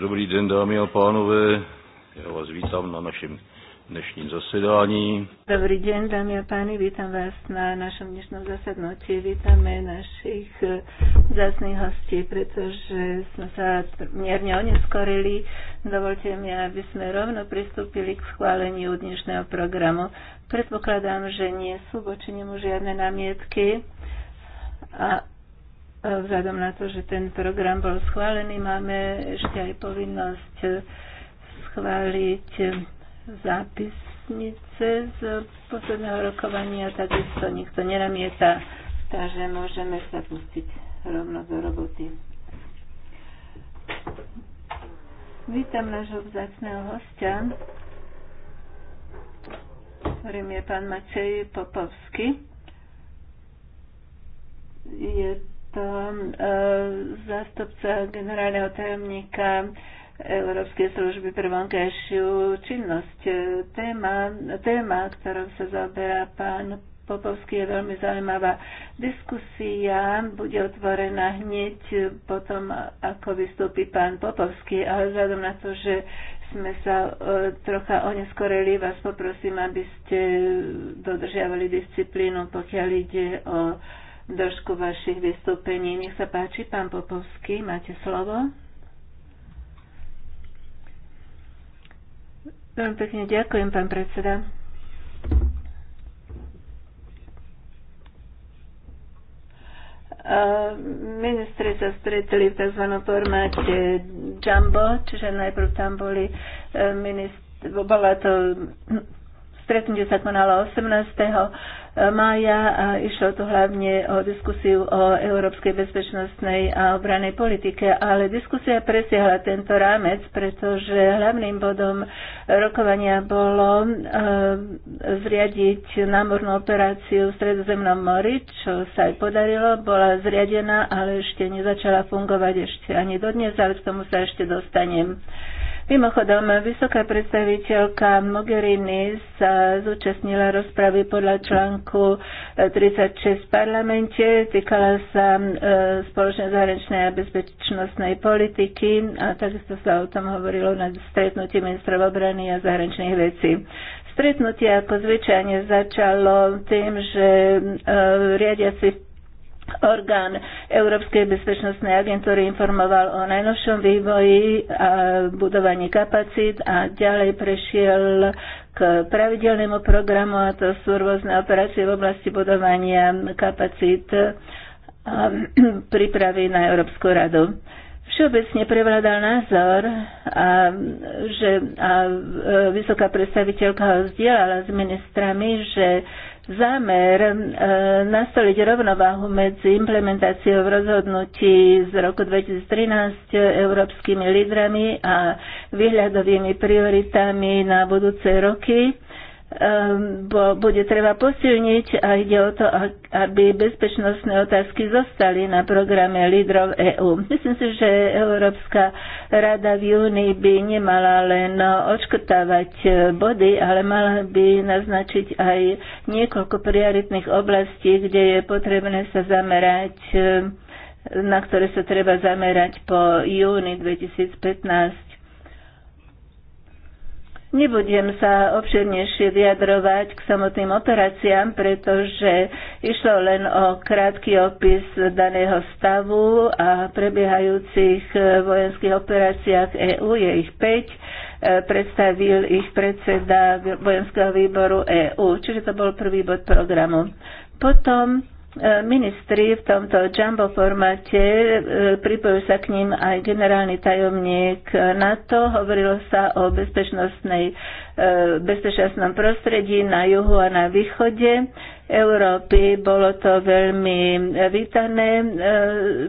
Dobrý den, dámy a pánové. Ja vás vítam na našem dnešním zasedání. Dobrý den, dámy a pány, vítam vás na našom dnešním zasednutí. Vítame našich eh, zásných hostí, pretože sme sa mierne oneskorili. Dovolte mi, aby sme rovno pristúpili k schváleniu dnešného programu. Predpokladám, že nie sú voči nemu žiadne namietky. A Vzhľadom na to, že ten program bol schválený, máme ešte aj povinnosť schváliť zápisnice z posledného rokovania, takisto nikto nenamieta, takže môžeme sa pustiť rovno do roboty. Vítam nášho vzácného hostia, ktorým je pán Matej Popovský. Je to e, zástupca generálneho tajomníka Európskej služby pre vonkajšiu činnosť. E, téma, téma, ktorou sa zaoberá pán Popovský, je veľmi zaujímavá. Diskusia bude otvorená hneď potom, ako vystúpi pán Popovský, ale vzhľadom na to, že sme sa e, trocha oneskoreli, vás poprosím, aby ste dodržiavali disciplínu, pokiaľ ide o dĺžku vašich vystúpení. Nech sa páči, pán Popovský, máte slovo. Veľmi pekne ďakujem, pán predseda. Ministri sa stretli v tzv. formáte Jumbo, čiže najprv tam boli eh, ministri, bola to Stretnutie sa konalo 18. mája a išlo tu hlavne o diskusiu o európskej bezpečnostnej a obranej politike, ale diskusia presiahla tento rámec, pretože hlavným bodom rokovania bolo eh, zriadiť námornú operáciu v Stredozemnom mori, čo sa aj podarilo, bola zriadená, ale ešte nezačala fungovať ešte ani dodnes, ale k tomu sa ešte dostanem. Mimochodom, vysoká predstaviteľka Mogherini sa zúčastnila rozpravy podľa článku 36 eh, v parlamente, týkala sa eh, spoločnej zahraničnej a bezpečnostnej politiky a takisto sa o tom hovorilo na stretnutí ministrov obrany a zahraničných vecí. Stretnutie ako zvyčajne začalo tým, že eh, riadiaci orgán Európskej bezpečnostnej agentúry informoval o najnovšom vývoji a budovaní kapacít a ďalej prešiel k pravidelnému programu a to sú rôzne operácie v oblasti budovania kapacít a prípravy na Európsku radu. Všeobecne prevládal názor, a, že a, e, vysoká predstaviteľka ho vzdielala s ministrami, že zámer e, nastoliť rovnováhu medzi implementáciou rozhodnutí z roku 2013 európskymi lídrami a výhľadovými prioritami na budúce roky Ehm, bo bude treba posilniť a ide o to, aby bezpečnostné otázky zostali na programe lídrov EÚ. Myslím si, že Európska rada v júni by nemala len odškrtávať e, body, ale mala by naznačiť aj niekoľko prioritných oblastí, kde je potrebné sa zamerať e, na ktoré sa treba zamerať po júni 2015 Nebudem sa obširnejšie vyjadrovať k samotným operáciám, pretože išlo len o krátky opis daného stavu a prebiehajúcich e, vojenských operáciách EÚ, je ich 5, e, predstavil ich predseda vojenského výboru EÚ, čiže to bol prvý bod programu. Potom Ministri v tomto jumbo formáte, pripojil sa k ním aj generálny tajomník NATO, hovorilo sa o bezpečnostnej, e, bezpečnostnom prostredí na juhu a na východe Európy. Bolo to veľmi eh, vítané, eh,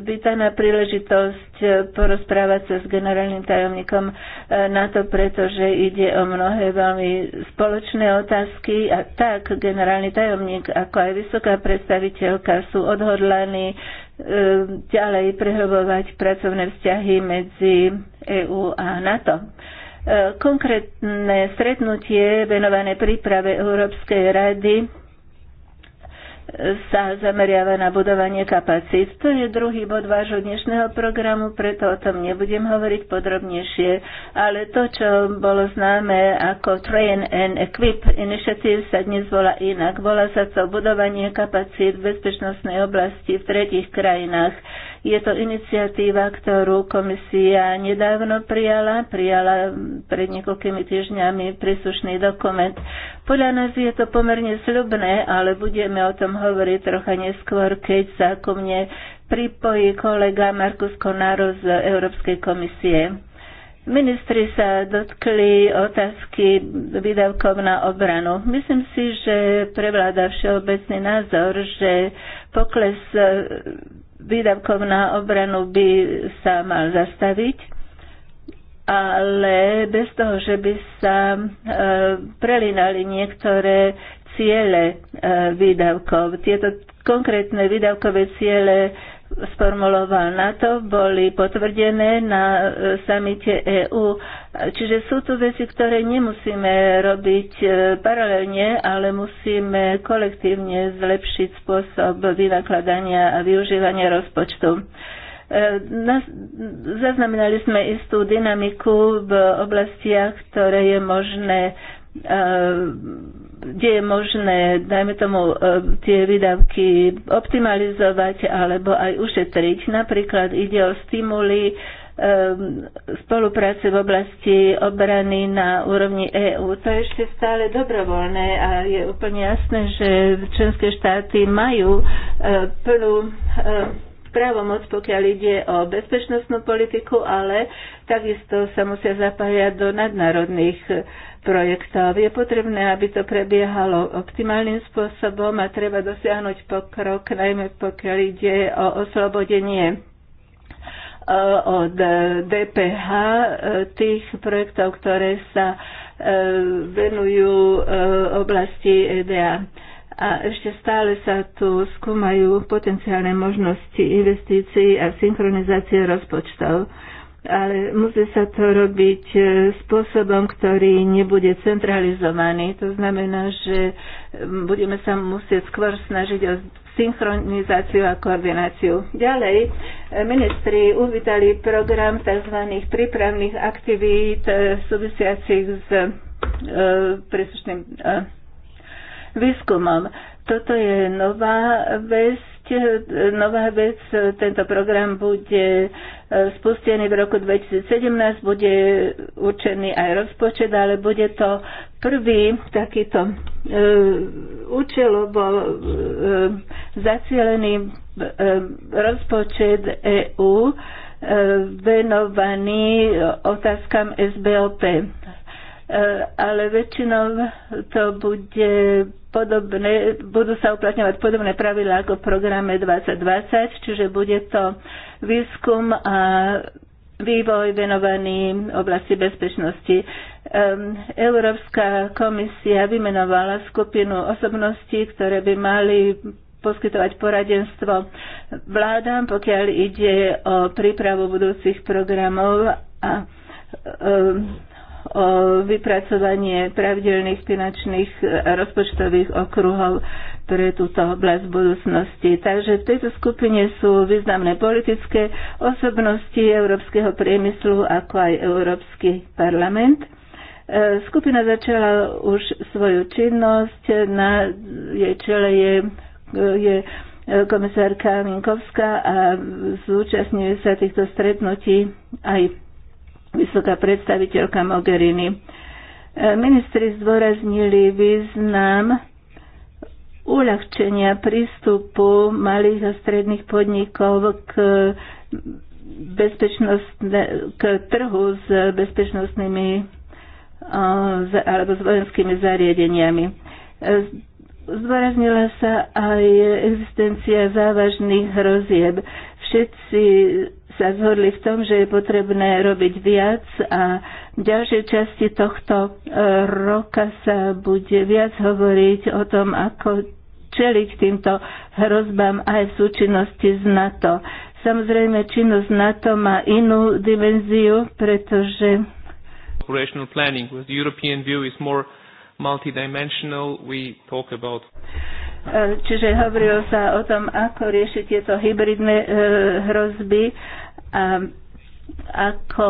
vítaná príležitosť eh, porozprávať sa s generálnym tajomníkom na to, pretože ide o mnohé veľmi spoločné otázky a tak generálny tajomník ako aj vysoká predstaviteľka sú odhodlaní ďalej prehlbovať pracovné vzťahy medzi EÚ a NATO konkrétne stretnutie venované príprave Európskej rady sa zameriava na budovanie kapacít. To je druhý bod vášho dnešného programu, preto o tom nebudem hovoriť podrobnejšie, ale to, čo bolo známe ako Train and Equip Initiative sa dnes volá inak. Volá sa to budovanie kapacít v bezpečnostnej oblasti v tretich krajinách. Je to iniciatíva, ktorú komisia nedávno prijala, prijala pred niekoľkými týždňami príslušný dokument. Podľa nás je to pomerne sľubné, ale budeme o tom hovoriť trocha neskôr, keď sa ku mne pripojí kolega Markus Konaro z Európskej komisie. Ministri sa dotkli otázky výdavkov na obranu. Myslím si, že prevláda všeobecný názor, že pokles výdavkom na obranu by sa mal zastaviť, ale bez toho, že by sa e, prelinali niektoré ciele e, výdavkov. Tieto konkrétne výdavkové ciele sformuloval NATO, boli potvrdené na e, samite EU. Čiže sú tu veci, ktoré nemusíme robiť e, paralelne, ale musíme kolektívne zlepšiť spôsob vynakladania a využívania rozpočtu. E, zaznamenali sme istú dynamiku v oblastiach, ktoré je možné e, kde je možné, dajme tomu, tie výdavky optimalizovať alebo aj ušetriť. Napríklad ide o stimuly Ehm, spolupráce v oblasti obrany na úrovni EÚ. To je ešte stále dobrovoľné a je úplne jasné, že členské štáty majú ehm, plnú ehm, právomoc, pokiaľ ide o bezpečnostnú politiku, ale takisto sa musia zapájať do nadnárodných projektov. Je potrebné, aby to prebiehalo optimálnym spôsobom a treba dosiahnuť pokrok, najmä pokiaľ ide o oslobodenie od DPH e, tých projektov, ktoré sa e, venujú e, oblasti EDA. A ešte stále sa tu skúmajú potenciálne možnosti investícií a synchronizácie rozpočtov ale musí sa to robiť spôsobom, ktorý nebude centralizovaný. To znamená, že budeme sa musieť skôr snažiť o synchronizáciu a koordináciu. Ďalej, eh, ministri uvítali program tzv. prípravných aktivít eh, súvisiacich s e, príslušným e, výskumom. Toto je nová vec, E, nová vec. E, tento program bude e, spustený v roku 2017, bude určený aj rozpočet, ale bude to prvý takýto uh, účelovo uh, zacielený uh, rozpočet EÚ uh, venovaný otázkam SBOP ale väčšinou to bude podobné, budú sa uplatňovať podobné pravidlá ako v programe 2020, čiže bude to výskum a vývoj venovaný oblasti bezpečnosti. Ehm, Európska komisia vymenovala skupinu osobností, ktoré by mali poskytovať poradenstvo vládam, pokiaľ ide o prípravu budúcich programov a um, o vypracovanie pravidelných finančných a e, rozpočtových okruhov pre túto oblasť budúcnosti. Takže v tejto skupine sú významné politické osobnosti európskeho priemyslu, ako aj Európsky parlament. E, skupina začala už svoju činnosť. Na jej čele je, je e, komisárka Minkovská a zúčastňuje sa týchto stretnutí aj vysoká predstaviteľka Mogherini. E, ministri zdôraznili význam uľahčenia prístupu malých a stredných podnikov k, k trhu s bezpečnostnými e, alebo s vojenskými zariadeniami. E, zdôraznila sa aj existencia závažných hrozieb. Všetci sa zhodli v tom, že je potrebné robiť viac a v ďalšej časti tohto e, roka sa bude viac hovoriť o tom, ako čeliť týmto hrozbám aj v súčinnosti s NATO. Samozrejme, činnosť NATO má inú dimenziu, pretože operational planning with the European view is more multidimensional. We talk about e, Čiže hovorilo sa o tom, ako riešiť tieto hybridné e, hrozby a ako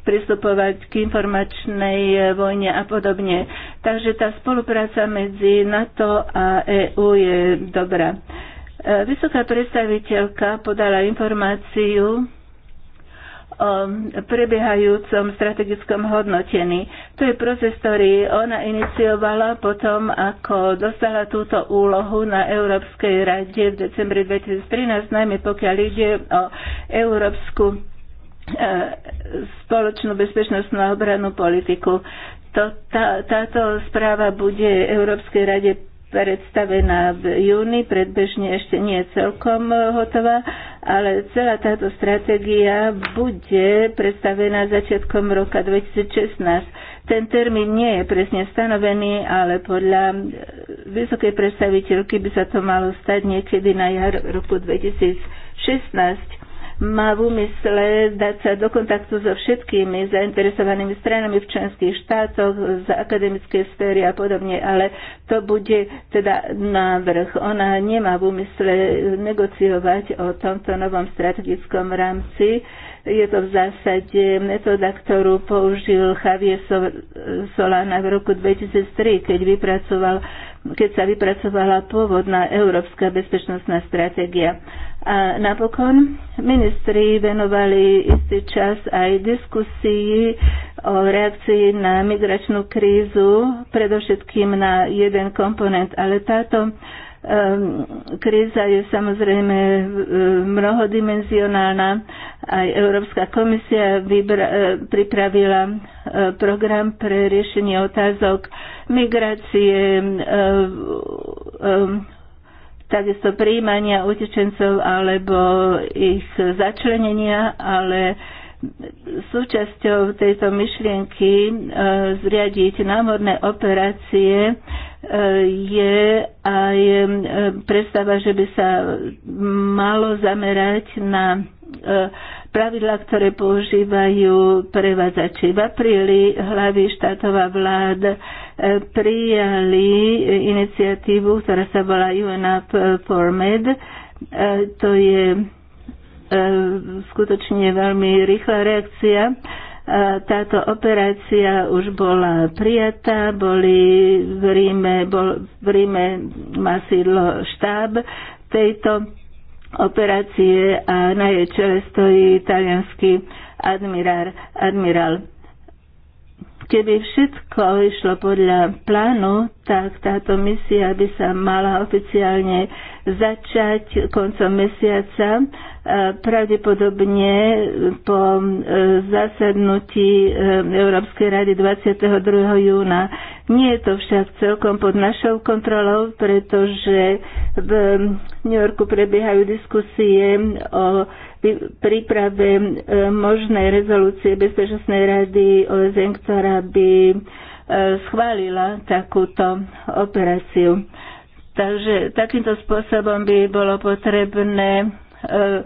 pristupovať k informačnej vojne a podobne. Takže tá spolupráca medzi NATO a EÚ je dobrá. E, vysoká predstaviteľka podala informáciu, o prebiehajúcom strategickom hodnotení. To je proces, ktorý ona iniciovala potom, ako dostala túto úlohu na Európskej rade v decembri 2013, najmä pokiaľ ide o európsku e, spoločnú bezpečnostnú a obranú politiku. To, tá, táto správa bude Európskej rade predstavená v júni, predbežne ešte nie je celkom e, hotová, ale celá táto stratégia bude predstavená začiatkom roka 2016. Ten termín nie je presne stanovený, ale podľa e, vysokej predstaviteľky by sa to malo stať niekedy na jar roku 2016 má v úmysle dať sa do kontaktu so všetkými zainteresovanými stranami v členských štátoch, z akademickej sféry a podobne, ale to bude teda návrh. Ona nemá v úmysle negociovať o tomto novom strategickom rámci. Je to v zásade metóda, ktorú použil Javier Solana v roku 2003, keď, vypracoval, keď sa vypracovala pôvodná európska bezpečnostná stratégia. A napokon ministri venovali istý čas aj diskusii o reakcii na migračnú krízu, predovšetkým na jeden komponent, ale táto um, kríza je samozrejme um, mnohodimenzionálna. Aj Európska komisia vybra- e, pripravila e, program pre riešenie otázok migrácie, e, takisto príjmania utečencov alebo ich začlenenia, ale súčasťou tejto myšlienky e, zriadiť námorné operácie e, je aj e, predstava, že by sa malo zamerať na pravidla, ktoré používajú prevádzači. V apríli hlavy štátová vláda prijali iniciatívu, ktorá sa volá UNAP for Med. E, to je e, skutočne veľmi rýchla reakcia. E, táto operácia už bola prijatá, boli v Ríme, bol, v Ríme má sídlo štáb tejto operácie a na jej čele stojí italianský admirál. admirál. Keby všetko išlo podľa plánu, tak táto misia by sa mala oficiálne začať koncom mesiaca, e, pravdepodobne po e, zasadnutí e, Európskej rady 22. júna. Nie je to však celkom pod našou kontrolou, pretože v New Yorku prebiehajú diskusie o príprave e, možnej rezolúcie Bezpečnostnej rady OSN, ktorá by e, schválila takúto operáciu. Takže takýmto spôsobom by bolo potrebné e,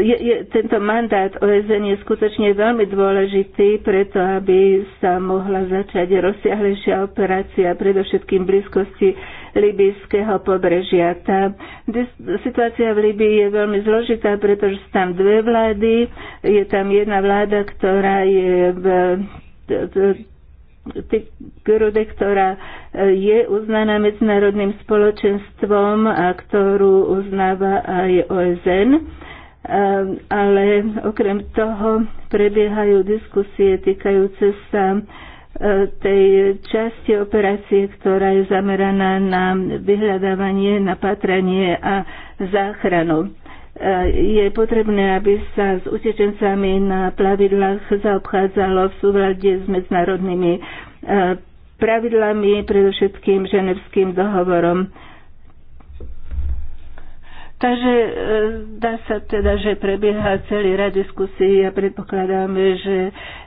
je, je, tento mandát OSN je skutočne veľmi dôležitý preto, aby sa mohla začať rozsiahlejšia operácia, predovšetkým v blízkosti libijského pobrežia. Tá situácia v Libii je veľmi zložitá, pretože sú tam dve vlády. Je tam jedna vláda, ktorá je v Tigrude, ktorá e, je uznaná medzinárodným spoločenstvom a ktorú uznáva aj OSN ale okrem toho prebiehajú diskusie týkajúce sa tej časti operácie, ktorá je zameraná na vyhľadávanie, na patranie a záchranu. E, je potrebné, aby sa s utečencami na plavidlách zaobchádzalo v súvlade s medzinárodnými e, pravidlami, predovšetkým ženevským dohovorom Takže e, dá sa teda, že prebieha celý rad diskusí a predpokladáme, že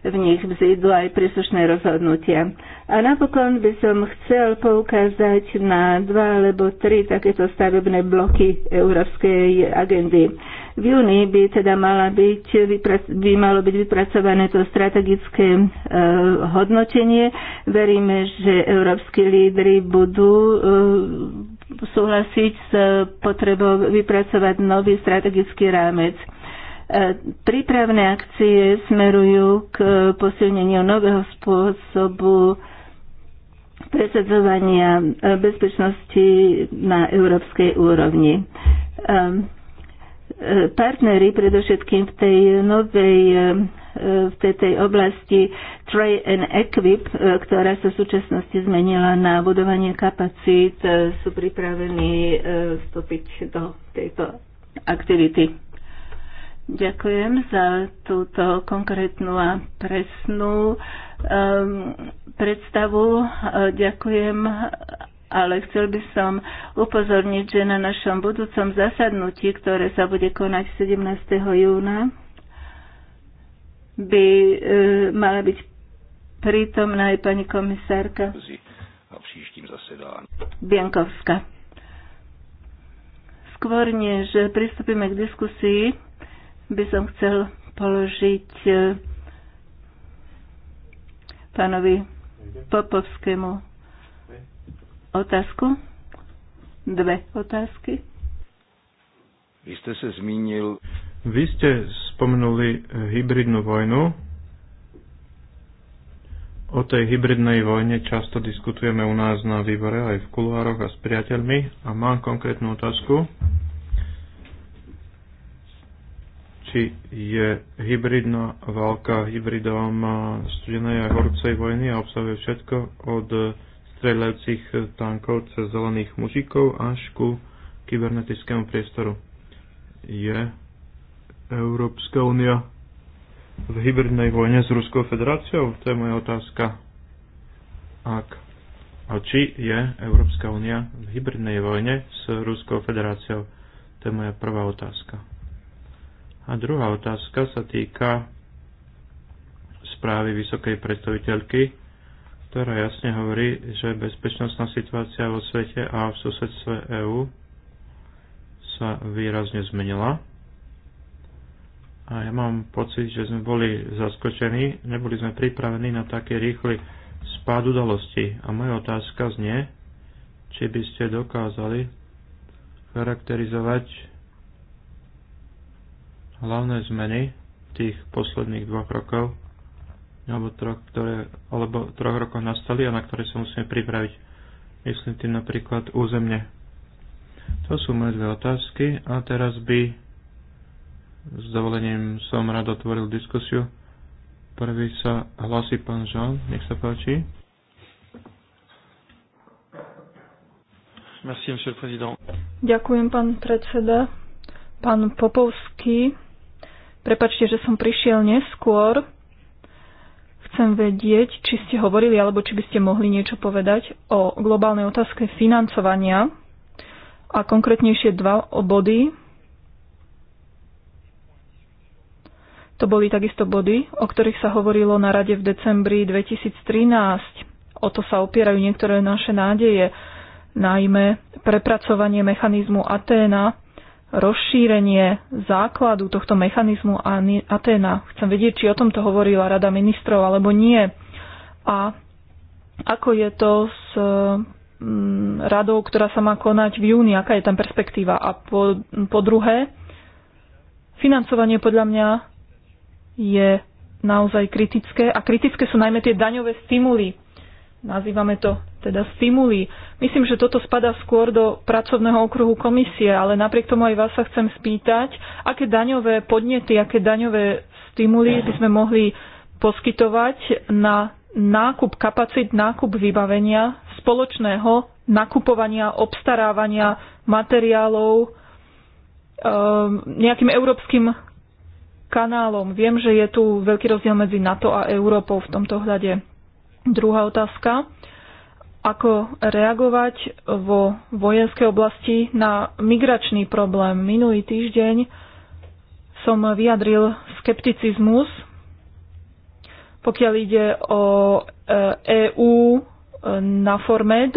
v nich vzídu aj príslušné rozhodnutia. A napokon by som chcel poukázať na dva alebo tri takéto stavebné bloky európskej agendy. V júni by teda mala byť, by malo byť vypracované to strategické e, hodnotenie. Veríme, že európsky lídry budú e, súhlasiť s potrebou vypracovať nový strategický rámec. E, prípravné akcie smerujú k posilneniu nového spôsobu presadzovania bezpečnosti na európskej úrovni e, e, partnery, predovšetkým v tej novej v tej oblasti Tray and Equip, e, ktorá sa v súčasnosti zmenila na budovanie kapacít, e, sú pripravení e, vstúpiť do tejto aktivity. Ďakujem za túto konkrétnu a presnú um, predstavu. Ďakujem ale chcel by som upozorniť, že na našom budúcom zasadnutí, ktoré sa bude konať 17. júna, by e, mala byť prítomná aj pani komisárka Biankovská. Skôr než pristúpime k diskusii, by som chcel položiť e, pánovi Popovskému otázku. Dve otázky. Vy ste sa zmínil vy ste spomenuli eh, hybridnú vojnu. O tej hybridnej vojne často diskutujeme u nás na výbore aj v kuluároch a s priateľmi a mám konkrétnu otázku. Či je hybridná válka hybridom eh, studenej a horúcej vojny a obsahuje všetko od streľajúcich tankov cez zelených mužikov až ku kybernetickému priestoru. Je Európska únia v hybridnej vojne s Ruskou federáciou? To je moja otázka. Ak. A či je Európska únia v hybridnej vojne s Ruskou federáciou? To je moja prvá otázka. A druhá otázka sa týka správy vysokej predstaviteľky, ktorá jasne hovorí, že bezpečnostná situácia vo svete a v susedstve EÚ sa výrazne zmenila a ja mám pocit, že sme boli zaskočení, neboli sme pripravení na taký rýchly spád udalosti. A moja otázka znie, či by ste dokázali charakterizovať hlavné zmeny tých posledných dvoch rokov, alebo troch, ktoré, alebo troch rokov nastali a na ktoré sa musíme pripraviť. Myslím tým napríklad územne. To sú moje dve otázky a teraz by s dovolením som rád otvoril diskusiu. Prvý sa hlasí pán Žan, nech sa páči. Merci, monsieur le président. Ďakujem, pán predseda. Pán Popovský, prepačte, že som prišiel neskôr. Chcem vedieť, či ste hovorili, alebo či by ste mohli niečo povedať o globálnej otázke financovania a konkrétnejšie dva body, To boli takisto body, o ktorých sa hovorilo na rade v decembri 2013. O to sa opierajú niektoré naše nádeje, najmä prepracovanie mechanizmu Aténa, rozšírenie základu tohto mechanizmu Aténa. Chcem vedieť, či o tomto hovorila Rada ministrov alebo nie. A ako je to s mm, radou, ktorá sa má konať v júni, aká je tam perspektíva. A po, po druhé, financovanie podľa mňa je naozaj kritické a kritické sú najmä tie daňové stimuly. Nazývame to teda stimuly. Myslím, že toto spada skôr do pracovného okruhu komisie, ale napriek tomu aj vás sa chcem spýtať, aké daňové podnety, aké daňové stimuly by sme mohli poskytovať na nákup kapacít, nákup vybavenia, spoločného nakupovania, obstarávania materiálov, ehm, nejakým európskym kanálom. Viem, že je tu veľký rozdiel medzi NATO a Európou v tomto hľade. Druhá otázka. Ako reagovať vo vojenskej oblasti na migračný problém? Minulý týždeň som vyjadril skepticizmus, pokiaľ ide o EÚ e e, na Formed.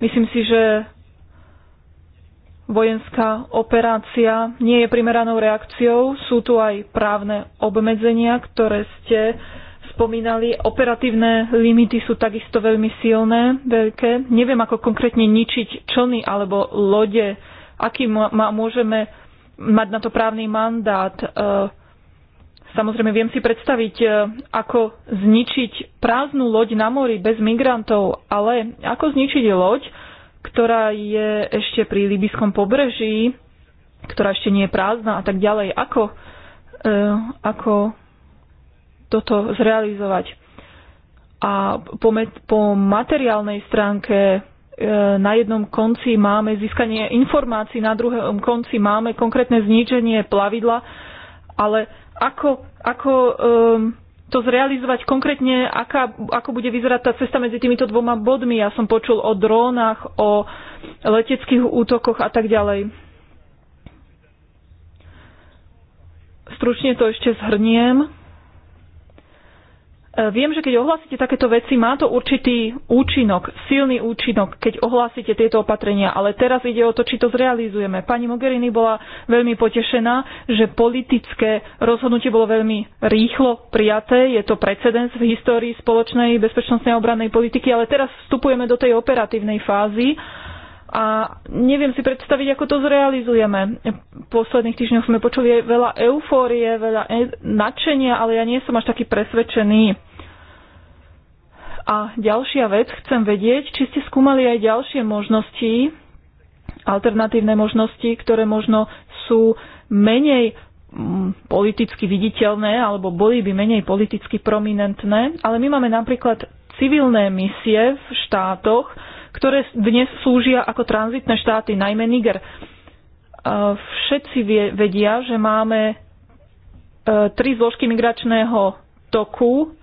Myslím si, že vojenská operácia nie je primeranou reakciou. Sú tu aj právne obmedzenia, ktoré ste spomínali. Operatívne limity sú takisto veľmi silné, veľké. Neviem, ako konkrétne ničiť člny alebo lode. Aký ma, môžeme mať na to právny mandát? E, samozrejme, viem si predstaviť, e, ako zničiť prázdnu loď na mori bez migrantov, ale ako zničiť loď, ktorá je ešte pri libyskom pobreží, ktorá ešte nie je prázdna a tak ďalej. Ako, e, ako toto zrealizovať? A po, met, po materiálnej stránke e, na jednom konci máme získanie informácií, na druhom konci máme konkrétne zníženie plavidla, ale ako, ako e, to zrealizovať konkrétne, aká, ako bude vyzerať tá cesta medzi týmito dvoma bodmi. Ja som počul o drónach, o leteckých útokoch a tak ďalej. Stručne to ešte zhrniem. E, viem, že keď ohlásite takéto veci, má to určitý účinok, silný účinok, keď ohlásite tieto opatrenia, ale teraz ide o to, či to zrealizujeme. Pani Mogherini bola veľmi potešená, že politické rozhodnutie bolo veľmi rýchlo prijaté, je to precedens v histórii spoločnej bezpečnostnej a obrannej politiky, ale teraz vstupujeme do tej operatívnej fázy a neviem si predstaviť, ako to zrealizujeme. V posledných týždňoch sme počuli veľa eufórie, veľa e- nadšenia, ale ja nie som až taký presvedčený. A ďalšia vec, chcem vedieť, či ste skúmali aj ďalšie možnosti, alternatívne možnosti, ktoré možno sú menej mm, politicky viditeľné alebo boli by menej politicky prominentné, ale my máme napríklad civilné misie v štátoch, ktoré dnes slúžia ako tranzitné štáty, najmä Niger. E, všetci vedia, že máme e, tri zložky migračného toku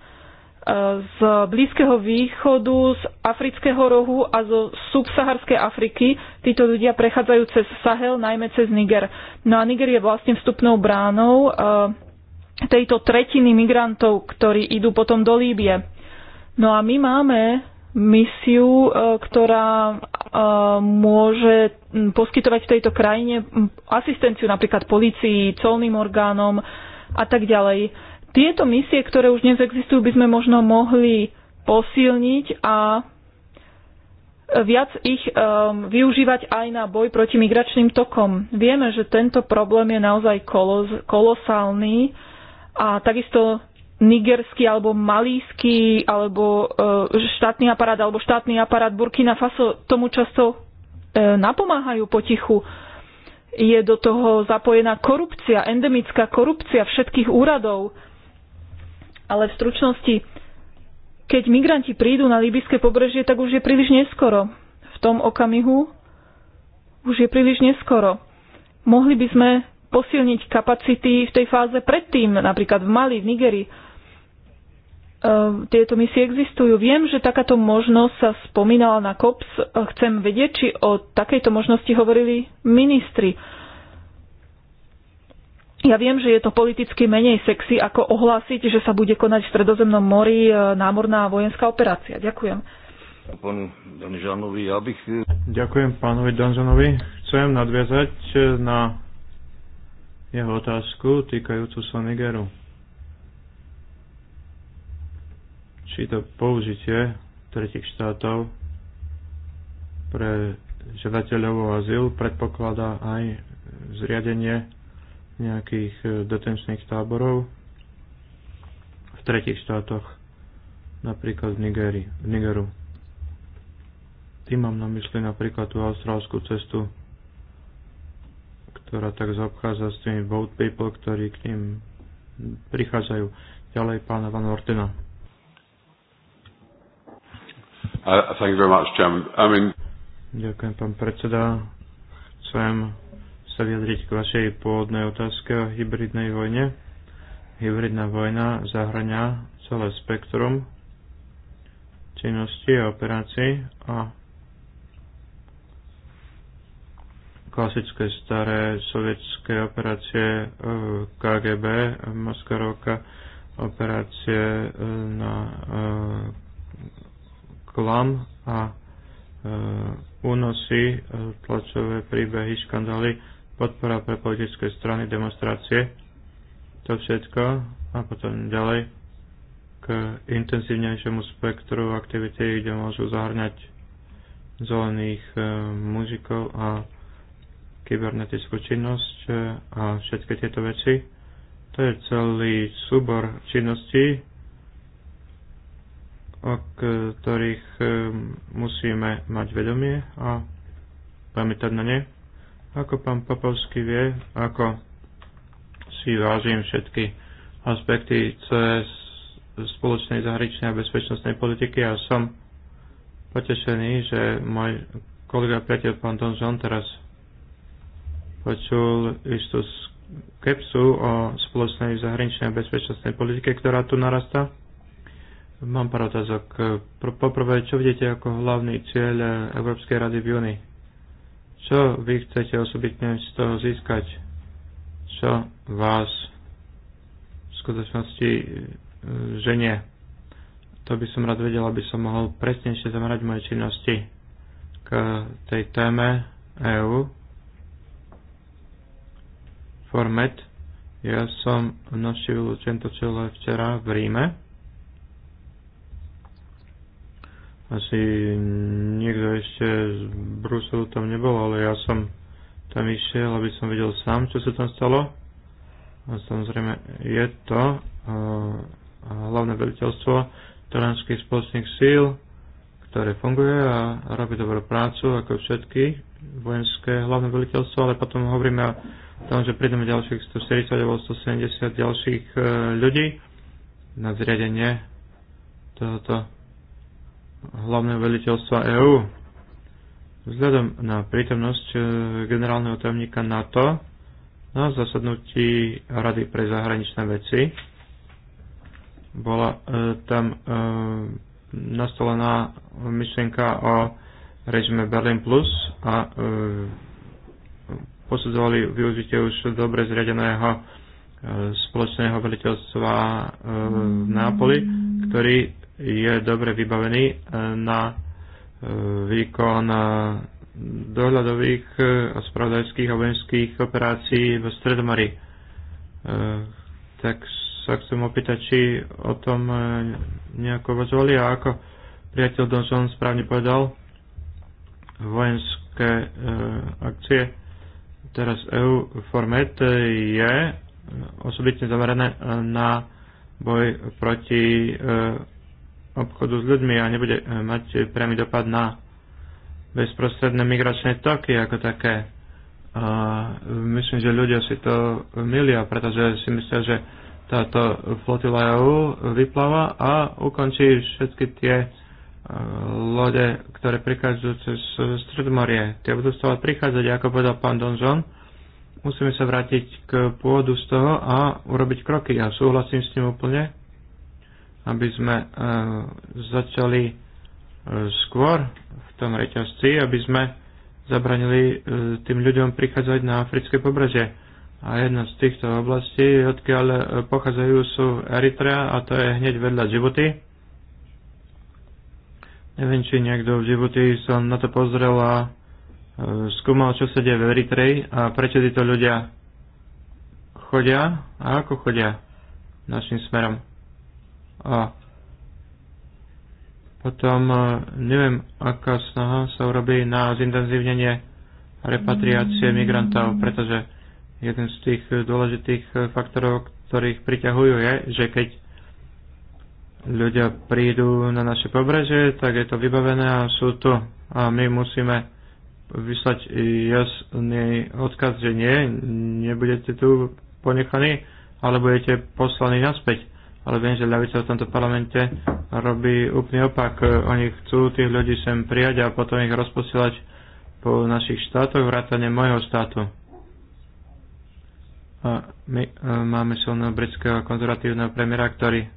z Blízkeho východu, z Afrického rohu a zo subsaharskej Afriky. Títo ľudia prechádzajú cez Sahel, najmä cez Niger. No a Niger je vlastne vstupnou bránou eh, tejto tretiny migrantov, ktorí idú potom do Líbie. No a my máme misiu, eh, ktorá eh, môže poskytovať v tejto krajine asistenciu napríklad policii, colným orgánom a tak ďalej. Tieto misie, ktoré už dnes existujú, by sme možno mohli posilniť a viac ich um, využívať aj na boj proti migračným tokom. Vieme, že tento problém je naozaj kolos, kolosálny a takisto nigerský alebo malíský alebo uh, štátny aparát alebo štátny aparát Burkina Faso tomu často uh, napomáhajú potichu. Je do toho zapojená korupcia, endemická korupcia všetkých úradov ale v stručnosti, keď migranti prídu na libyské pobrežie, tak už je príliš neskoro. V tom okamihu už je príliš neskoro. Mohli by sme posilniť kapacity v tej fáze predtým, napríklad v Mali, v Nigerii. Ehm, tieto misie existujú. Viem, že takáto možnosť sa spomínala na COPS. Chcem vedieť, či o takejto možnosti hovorili ministri. Ja viem, že je to politicky menej sexy, ako ohlásiť, že sa bude konať v Stredozemnom mori e, námorná vojenská operácia. Ďakujem. Pánu Danžanovi, ja bych... E, Ďakujem pánovi Danžanovi. Chcem nadviazať e, na jeho otázku týkajúcu sa Nigeru. Či to použitie tretich štátov pre žiadateľov o azyl predpokladá aj zriadenie nejakých e, detenčných táborov v tretich štátoch, napríklad v, Nigeri, v Nigeru. Tým mám na mysli napríklad tú austrálskú cestu, ktorá tak zaobchádza s tými boat people, ktorí k ním prichádzajú. Ďalej pána Van Ortena. Uh, thank you very much, Chairman. I mean... Ďakujem, pán predseda. Chcem sa vyjadriť k vašej pôvodnej otázke o hybridnej vojne. Hybridná vojna zahrania celé spektrum činnosti a operácií a klasické staré sovietské operácie e, KGB, Maskarovka, operácie e, na e, klam a únosy, tlačové príbehy, škandály podpora pre politické strany, demonstrácie, to všetko a potom ďalej k intenzívnejšiemu spektru aktivity, kde môžu zahrňať zelených e, muzikov a kybernetickú činnosť e, a všetky tieto veci. To je celý súbor činností, o ktorých e, musíme mať vedomie a pamätať na ne. Ako pán Popovský vie, ako si vážim všetky aspekty cez spoločnej zahraničnej a bezpečnostnej politiky a som potešený, že môj kolega priateľ pán John teraz počul istú skepsu o spoločnej zahraničnej a bezpečnostnej politike, ktorá tu narastá. Mám pár otázok. Poprvé, čo vidíte ako hlavný cieľ Európskej rady v júni? Čo vy chcete osobitne z toho získať? Čo vás v skutočnosti e, ženie? To by som rád vedel, aby som mohol presnejšie zamerať moje činnosti k tej téme EU. Format. Ja som navštívil tento čele včera v Ríme asi niekto ešte z Bruselu tam nebol, ale ja som tam išiel, aby som videl sám, čo sa tam stalo. A samozrejme je to uh, hlavné veliteľstvo Taranských spoločných síl, ktoré funguje a robí dobrú prácu, ako všetky vojenské hlavné veliteľstvo, ale potom hovoríme o tom, že prídeme ďalších 140 alebo 170 ďalších e, ľudí na zriadenie tohoto hlavného veliteľstva EÚ. Vzhľadom na prítomnosť e, generálneho tajomníka NATO na zasadnutí Rady pre zahraničné veci bola e, tam e, nastolená myšlienka o režime Berlin Plus a e, posudzovali využitie už dobre zriadeného e, spoločného veliteľstva e, v Nápoli, ktorý je dobre vybavený e, na e, výkon e, dohľadových a spravodajských a vojenských operácií v Stredomari. Tak sa chcem opýtať, či o tom nejako uvažovali a ako priateľ Donžon správne povedal, vojenské akcie teraz EU format je osobitne zamerané na boj proti obchodu s ľuďmi a nebude e, mať e, priamy dopad na bezprostredné migračné toky ako také. A e, myslím, že ľudia si to milia, pretože si myslia, že táto flotila EU vypláva a ukončí všetky tie lode, ktoré prichádzajú cez Stredomorie. Tie budú stále prichádzať, ako povedal pán Donžon. Musíme sa vrátiť k pôvodu z toho a urobiť kroky. Ja súhlasím s tým úplne aby sme e, začali e, skôr v tom reťazci, aby sme zabranili e, tým ľuďom prichádzať na africké pobrežie. A jedna z týchto oblastí, odkiaľ pochádzajú, sú Eritrea a to je hneď vedľa Džibuty. Neviem, či niekto v Džibuti sa na to pozrel a skúmal, čo sa deje v Eritreji a prečo títo ľudia chodia a ako chodia našim smerom a potom e, neviem, aká snaha sa urobí na zintenzívnenie repatriácie migrantov, pretože jeden z tých dôležitých faktorov, ktorých priťahujú, je, že keď ľudia prídu na naše pobreže, tak je to vybavené a sú tu. A my musíme vyslať jasný odkaz, že nie, nebudete tu ponechaní, ale budete poslaní naspäť ale viem, že ľavica v tomto parlamente robí úplný opak. Oni chcú tých ľudí sem prijať a potom ich rozposielať po našich štátoch, vrátane mojho štátu. A my e, máme silného britského konzervatívneho premiéra, ktorý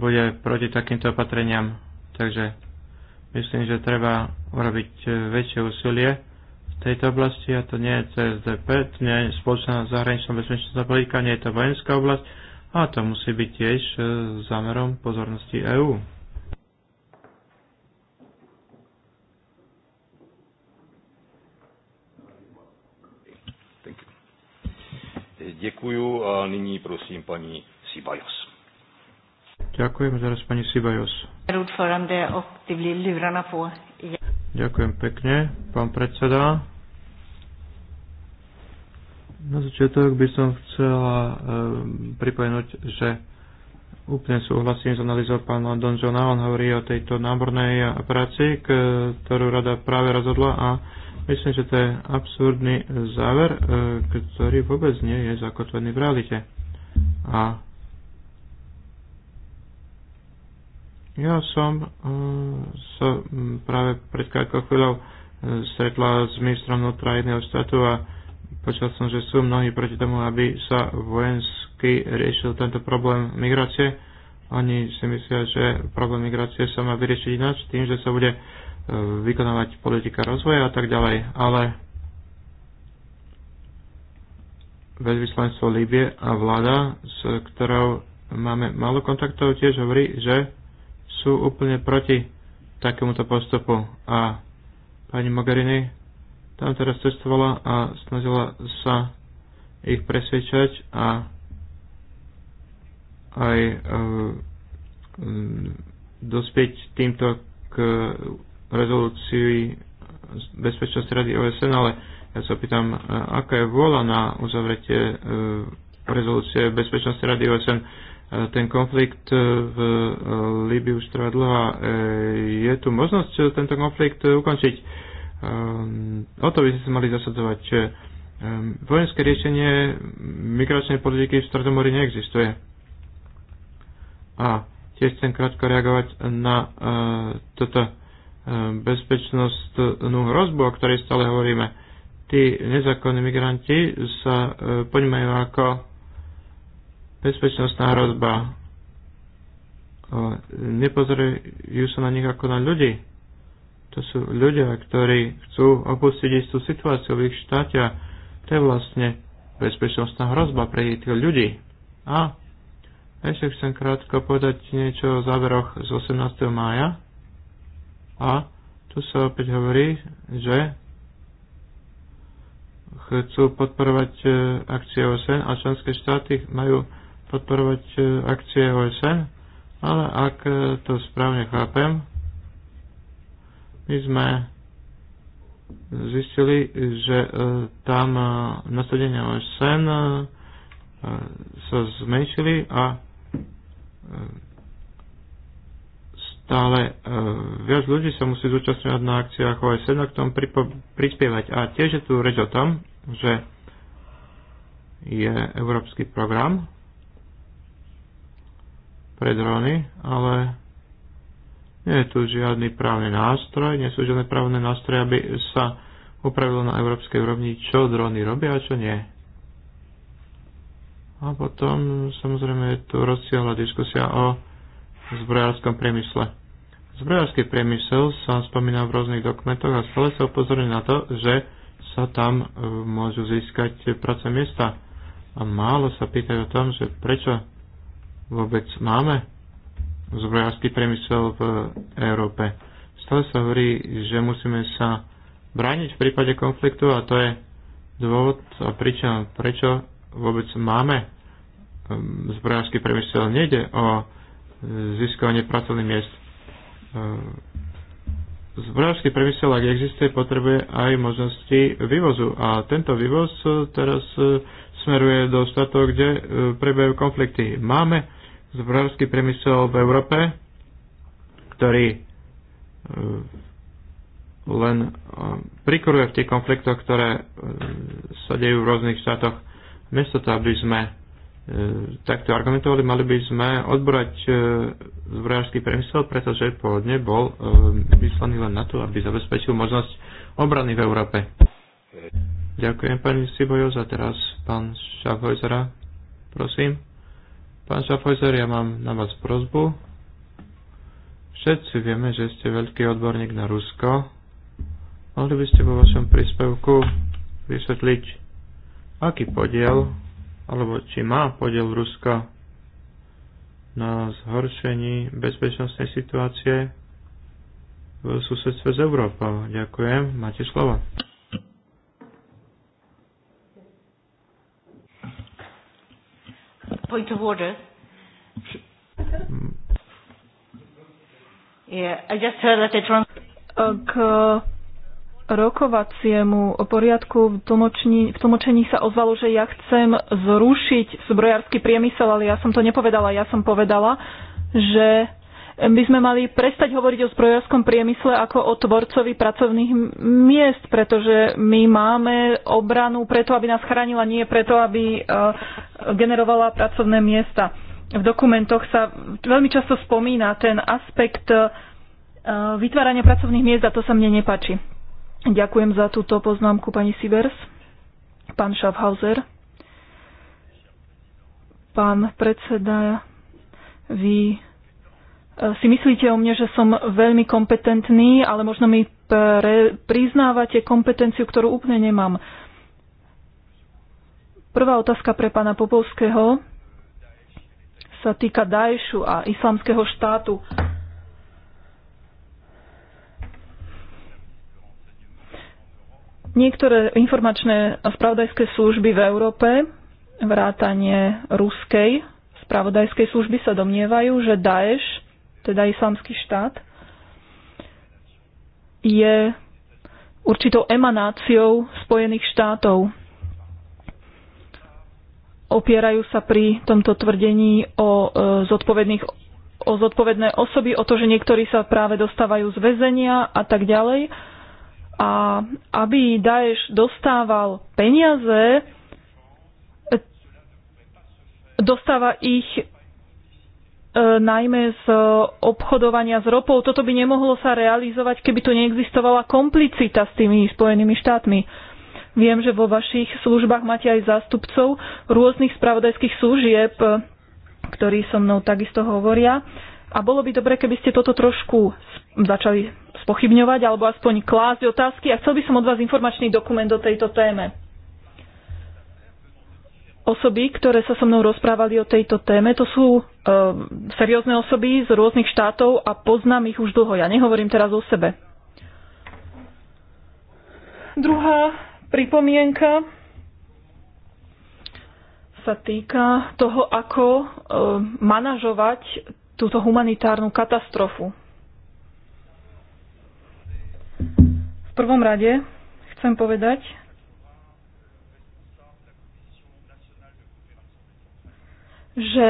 bude proti takýmto opatreniam. Takže myslím, že treba urobiť e, väčšie úsilie v tejto oblasti a to nie je CSDP, to nie je spoločná zahraničná bezpečnostná politika, nie je to vojenská oblasť, a to musí byť tiež e, zámerom pozornosti EÚ. E, děkuju a nyní prosím paní Sibajos. Ďakujem, teraz pani Sibajos. Ďakujem pekne, pán predseda. Na začiatok by som chcela e, pripomenúť, že úplne súhlasím s analýzou pána Donžona. On hovorí o tejto nábornej práci, ktorú rada práve rozhodla a myslím, že to je absurdný záver, e, ktorý vôbec nie je zakotvený v realite. A ja som e, sa práve pred krátkou chvíľou e, stretla s ministrom vnútra jedného štátu a Počul som, že sú mnohí proti tomu, aby sa vojensky riešil tento problém migrácie. Oni si myslia, že problém migrácie sa má vyriešiť ináč, tým, že sa bude e, vykonávať politika rozvoja a tak ďalej. Ale veľvyslanstvo Líbie a vláda, s ktorou máme málo kontaktov, tiež hovorí, že sú úplne proti takémuto postupu. A pani Mogherini tam teraz cestovala a snažila sa ich presvedčať a aj e, dospieť týmto k rezolúcii Bezpečnosti rady OSN, ale ja sa pýtam, e, aká je vôľa na uzavretie e, rezolúcie Bezpečnosti rady OSN. E, ten konflikt v Líbiu už trvá dlho je tu možnosť tento konflikt ukončiť Ehm, o to by ste mali zasadzovať. Ehm, vojenské riešenie migračnej politiky v Stredomori neexistuje. A tiež chcem krátko reagovať na uh, toto ehm, bezpečnostnú hrozbu, o ktorej stále hovoríme. Tí nezákonní migranti sa uh, ponímajú ako bezpečnostná hrozba. Uh, nepozerajú sa na nich ako na ľudí. To sú ľudia, ktorí chcú opustiť istú situáciu v ich štáte a to je vlastne bezpečnostná hrozba pre tých ľudí. A ešte chcem krátko podať niečo o záveroch z 18. mája. A tu sa opäť hovorí, že chcú podporovať e, akcie OSN a členské štáty majú podporovať e, akcie OSN, ale ak e, to správne chápem, my sme zistili, že e, tam e, nasadenia OSN e, sa zmenšili a stále viac ľudí sa musí zúčastňovať na akciách OSN a k tomu prispievať. A tiež je tu reč o tom, že je európsky program pre drony, ale nie je tu žiadny právny nástroj, nie sú žiadne právne nástroje, aby sa upravilo na európskej úrovni, čo drony robia a čo nie. A potom samozrejme je tu rozsiahla diskusia o zbrojárskom priemysle. Zbrojársky priemysel sa spomína v rôznych dokumentoch a stále sa upozorňuje na to, že sa tam e, môžu získať práce miesta. A málo sa pýtajú o tom, že prečo vôbec máme zbrojársky priemysel v Európe. Stále sa hovorí, že musíme sa brániť v prípade konfliktu a to je dôvod a príčina, prečo vôbec máme um, zbrojársky priemysel. Nejde o e, získovanie pracovných miest. E, zbrojársky priemysel, ak existuje, potrebuje aj možnosti vývozu. A tento vývoz teraz e, smeruje do štátov, kde prebiehajú konflikty. Máme zbrojovský priemysel v Európe, ktorý e, len e, prikoruje v tých konfliktoch, ktoré e, sa dejú v rôznych štátoch. Miesto to, aby sme takto argumentovali, mali by sme odbrať zbrojársky priemysel, pretože pôvodne bol vyslaný len na to, aby zabezpečil možnosť obrany v Európe. Ďakujem pani Sibojo za teraz. Pán Šafojzera, prosím. Pán Schaffhäuser, ja mám na vás prozbu. Všetci vieme, že ste veľký odborník na Rusko. Mohli by ste vo vašom príspevku vysvetliť, aký podiel, alebo či má podiel Ruska na zhoršení bezpečnostnej situácie v susedstve s Európou. Ďakujem, máte slovo. point of order. Yeah, I just heard that the trans- k rokovaciemu poriadku v, tlmočni, v tlmočení sa ozvalo, že ja chcem zrušiť zbrojársky priemysel, ale ja som to nepovedala. Ja som povedala, že by sme mali prestať hovoriť o zbrojárskom priemysle ako o tvorcovi pracovných miest, pretože my máme obranu preto, aby nás chránila, nie preto, aby e, generovala pracovné miesta. V dokumentoch sa veľmi často spomína ten aspekt e, vytvárania pracovných miest a to sa mne nepáči. Ďakujem za túto poznámku pani Sivers, pán Schaffhauser, pán predseda, vy E, si myslíte o mne, že som veľmi kompetentný, ale možno mi pre, priznávate kompetenciu, ktorú úplne nemám. Prvá otázka pre pána Popovského sa týka Dajšu a islamského štátu. Niektoré informačné a spravodajské služby v Európe, vrátanie ruskej spravodajskej služby, sa domnievajú, že Daesh teda islamský štát, je určitou emanáciou Spojených štátov. Opierajú sa pri tomto tvrdení o, e, zodpovedných, o zodpovedné osoby, o to, že niektorí sa práve dostávajú z väzenia a tak ďalej. A aby Daesh dostával peniaze, e, dostáva ich E, najmä z obchodovania s ropou. Toto by nemohlo sa realizovať, keby tu neexistovala komplicita s tými Spojenými štátmi. Viem, že vo vašich službách máte aj zástupcov rôznych spravodajských služieb, e, ktorí so mnou takisto hovoria. A bolo by dobre, keby ste toto trošku začali spochybňovať alebo aspoň klásť otázky. A chcel by som od vás informačný dokument o tejto téme. Osoby, ktoré sa so mnou rozprávali o tejto téme, to sú e, seriózne osoby z rôznych štátov a poznám ich už dlho. Ja nehovorím teraz o sebe. Druhá pripomienka sa týka toho, ako e, manažovať túto humanitárnu katastrofu. V prvom rade chcem povedať, že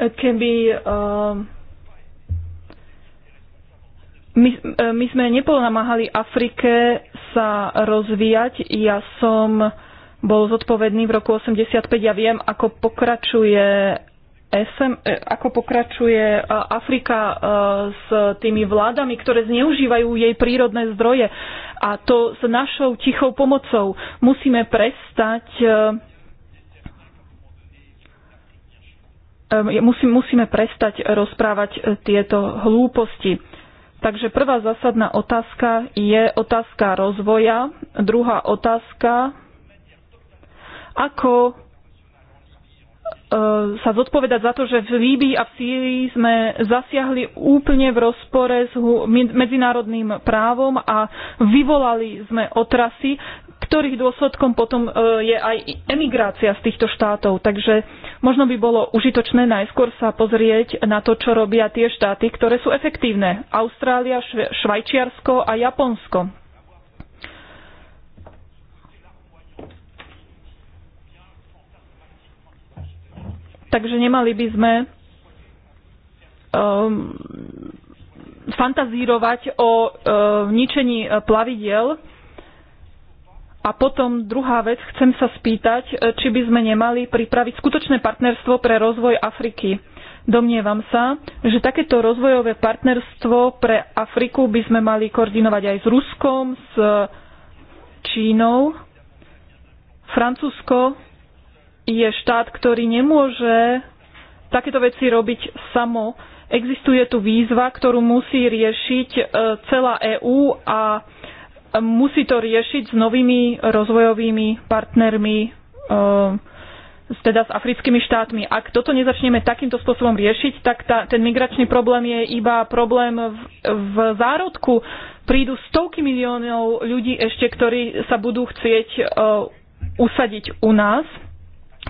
keby ehm, my, ehm, my sme nepomáhali Afrike sa rozvíjať. Ja som bol zodpovedný v roku 85. Ja viem, ako pokračuje SM, e, ako pokračuje e, Afrika e, s tými vládami, ktoré zneužívajú jej prírodné zdroje. A to s našou tichou pomocou. Musíme prestať Ehm, musí, musíme prestať rozprávať e, tieto hlúposti. Takže prvá zásadná otázka je otázka rozvoja. Druhá otázka, ako e, sa zodpovedať za to, že v Líbii a v Sýrii sme zasiahli úplne v rozpore s medzinárodným právom a vyvolali sme otrasy ktorých dôsledkom potom e, je aj emigrácia z týchto štátov. Takže možno by bolo užitočné najskôr sa pozrieť na to, čo robia tie štáty, ktoré sú efektívne. Austrália, Švajčiarsko a Japonsko. Takže nemali by sme um, fantazírovať o um, ničení e, plavidiel, a potom druhá vec, chcem sa spýtať, e, či by sme nemali pripraviť skutočné partnerstvo pre rozvoj Afriky. Domnievam sa, že takéto rozvojové partnerstvo pre Afriku by sme mali koordinovať aj s Ruskom, s Čínou. Francúzsko je štát, ktorý nemôže takéto veci robiť samo. Existuje tu výzva, ktorú musí riešiť e, celá EÚ a musí to riešiť s novými rozvojovými partnermi, e, teda s africkými štátmi. Ak toto nezačneme takýmto spôsobom riešiť, tak tá, ten migračný problém je iba problém v, v zárodku. Prídu stovky miliónov ľudí ešte, ktorí sa budú chcieť uh, usadiť u nás.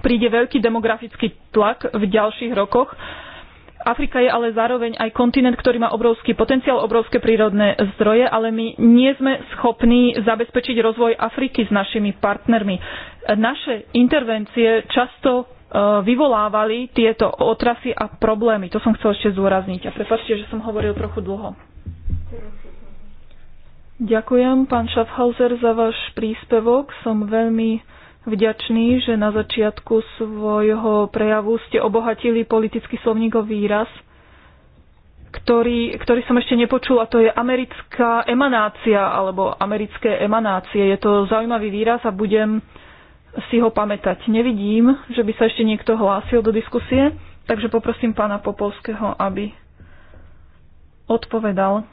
Príde veľký demografický tlak v ďalších rokoch. Uh, Afrika je ale zároveň aj kontinent, ktorý má obrovský potenciál, obrovské prírodné zdroje, ale my nie sme schopní zabezpečiť rozvoj Afriky s našimi partnermi. Naše intervencie často e, vyvolávali tieto otrasy a problémy. To som chcel ešte zúrazniť. A prepáčte, že som hovoril trochu dlho. Ďakujem, pán Schaffhauser, za váš príspevok. Som veľmi vďačný, že na začiatku svojho prejavu ste obohatili politický slovník o výraz, ktorý, ktorý som ešte nepočul a to je americká emanácia alebo americké emanácie. Je to zaujímavý výraz a budem si ho pamätať. Nevidím, že by sa ešte niekto hlásil do diskusie, takže poprosím pána Popolského, aby odpovedal.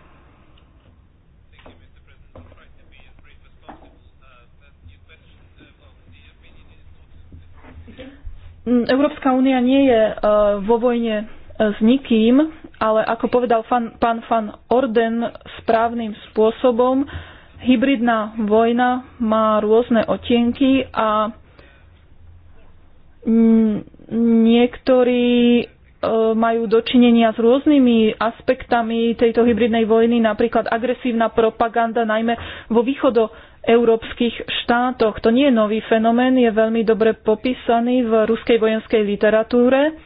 Mm, Európska únia nie je e, vo vojne e, s nikým, ale ako povedal fan, pán Fan Orden správnym spôsobom, hybridná vojna má rôzne otienky a niektorí e, majú dočinenia s rôznymi aspektami tejto hybridnej vojny, napríklad agresívna propaganda, najmä vo východo európskych štátoch. To nie je nový fenomén, je veľmi dobre popísaný v ruskej vojenskej literatúre.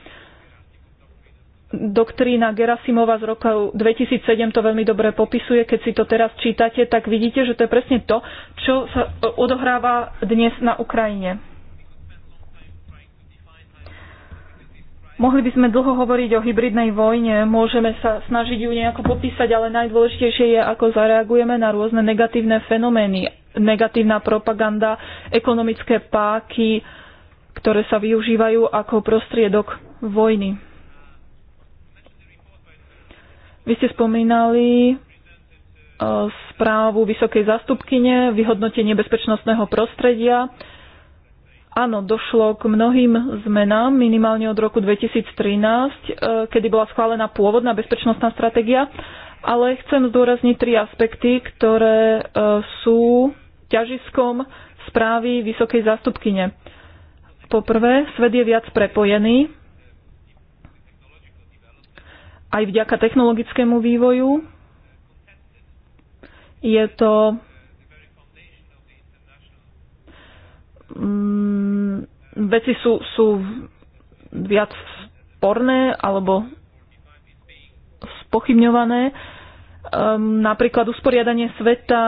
Doktrína Gerasimova z roku 2007 to veľmi dobre popisuje. Keď si to teraz čítate, tak vidíte, že to je presne to, čo sa odohráva dnes na Ukrajine. Mohli by sme dlho hovoriť o hybridnej vojne, môžeme sa snažiť ju nejako popísať, ale najdôležitejšie je, ako zareagujeme na rôzne negatívne fenomény negatívna propaganda, ekonomické páky, ktoré sa využívajú ako prostriedok vojny. Vy ste spomínali e, správu vysokej zastupkyne, vyhodnotenie bezpečnostného prostredia. Áno, došlo k mnohým zmenám, minimálne od roku 2013, e, kedy bola schválená pôvodná bezpečnostná stratégia, ale chcem zdôrazniť tri aspekty, ktoré e, sú ťažiskom správy vysokej zástupkyne. Poprvé, svet je viac prepojený aj vďaka technologickému vývoju. Je to mm, veci sú, sú viac sporné alebo spochybňované. Um, napríklad usporiadanie sveta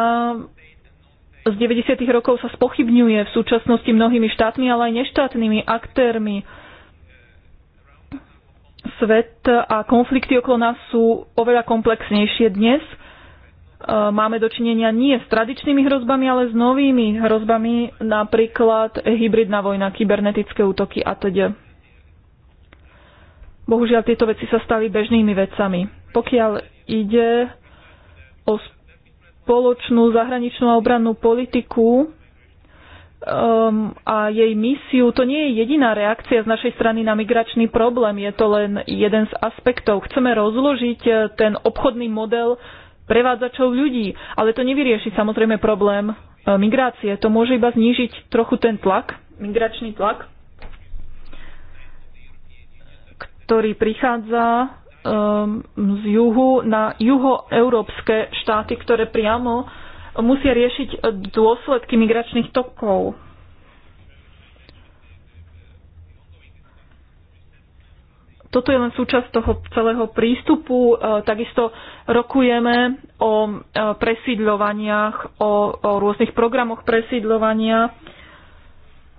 z 90. rokov sa spochybňuje v súčasnosti mnohými štátmi, ale aj neštátnymi aktérmi. Svet a konflikty okolo nás sú oveľa komplexnejšie dnes. E, máme dočinenia nie s tradičnými hrozbami, ale s novými hrozbami, napríklad hybridná vojna, kybernetické útoky a atď. Teda. Bohužiaľ, tieto veci sa stali bežnými vecami. Pokiaľ ide o spoločnú zahraničnú a obrannú politiku um, a jej misiu, to nie je jediná reakcia z našej strany na migračný problém, je to len jeden z aspektov. Chceme rozložiť e, ten obchodný model prevádzačov ľudí, ale to nevyrieši samozrejme problém e, migrácie. To môže iba znížiť trochu ten tlak, migračný tlak, ktorý prichádza Um, z juhu na juhoeurópske štáty, ktoré priamo musia riešiť dôsledky migračných tokov. Toto je len súčasť toho celého prístupu. E, takisto rokujeme o e, presídľovaniach, o, o rôznych programoch presídľovania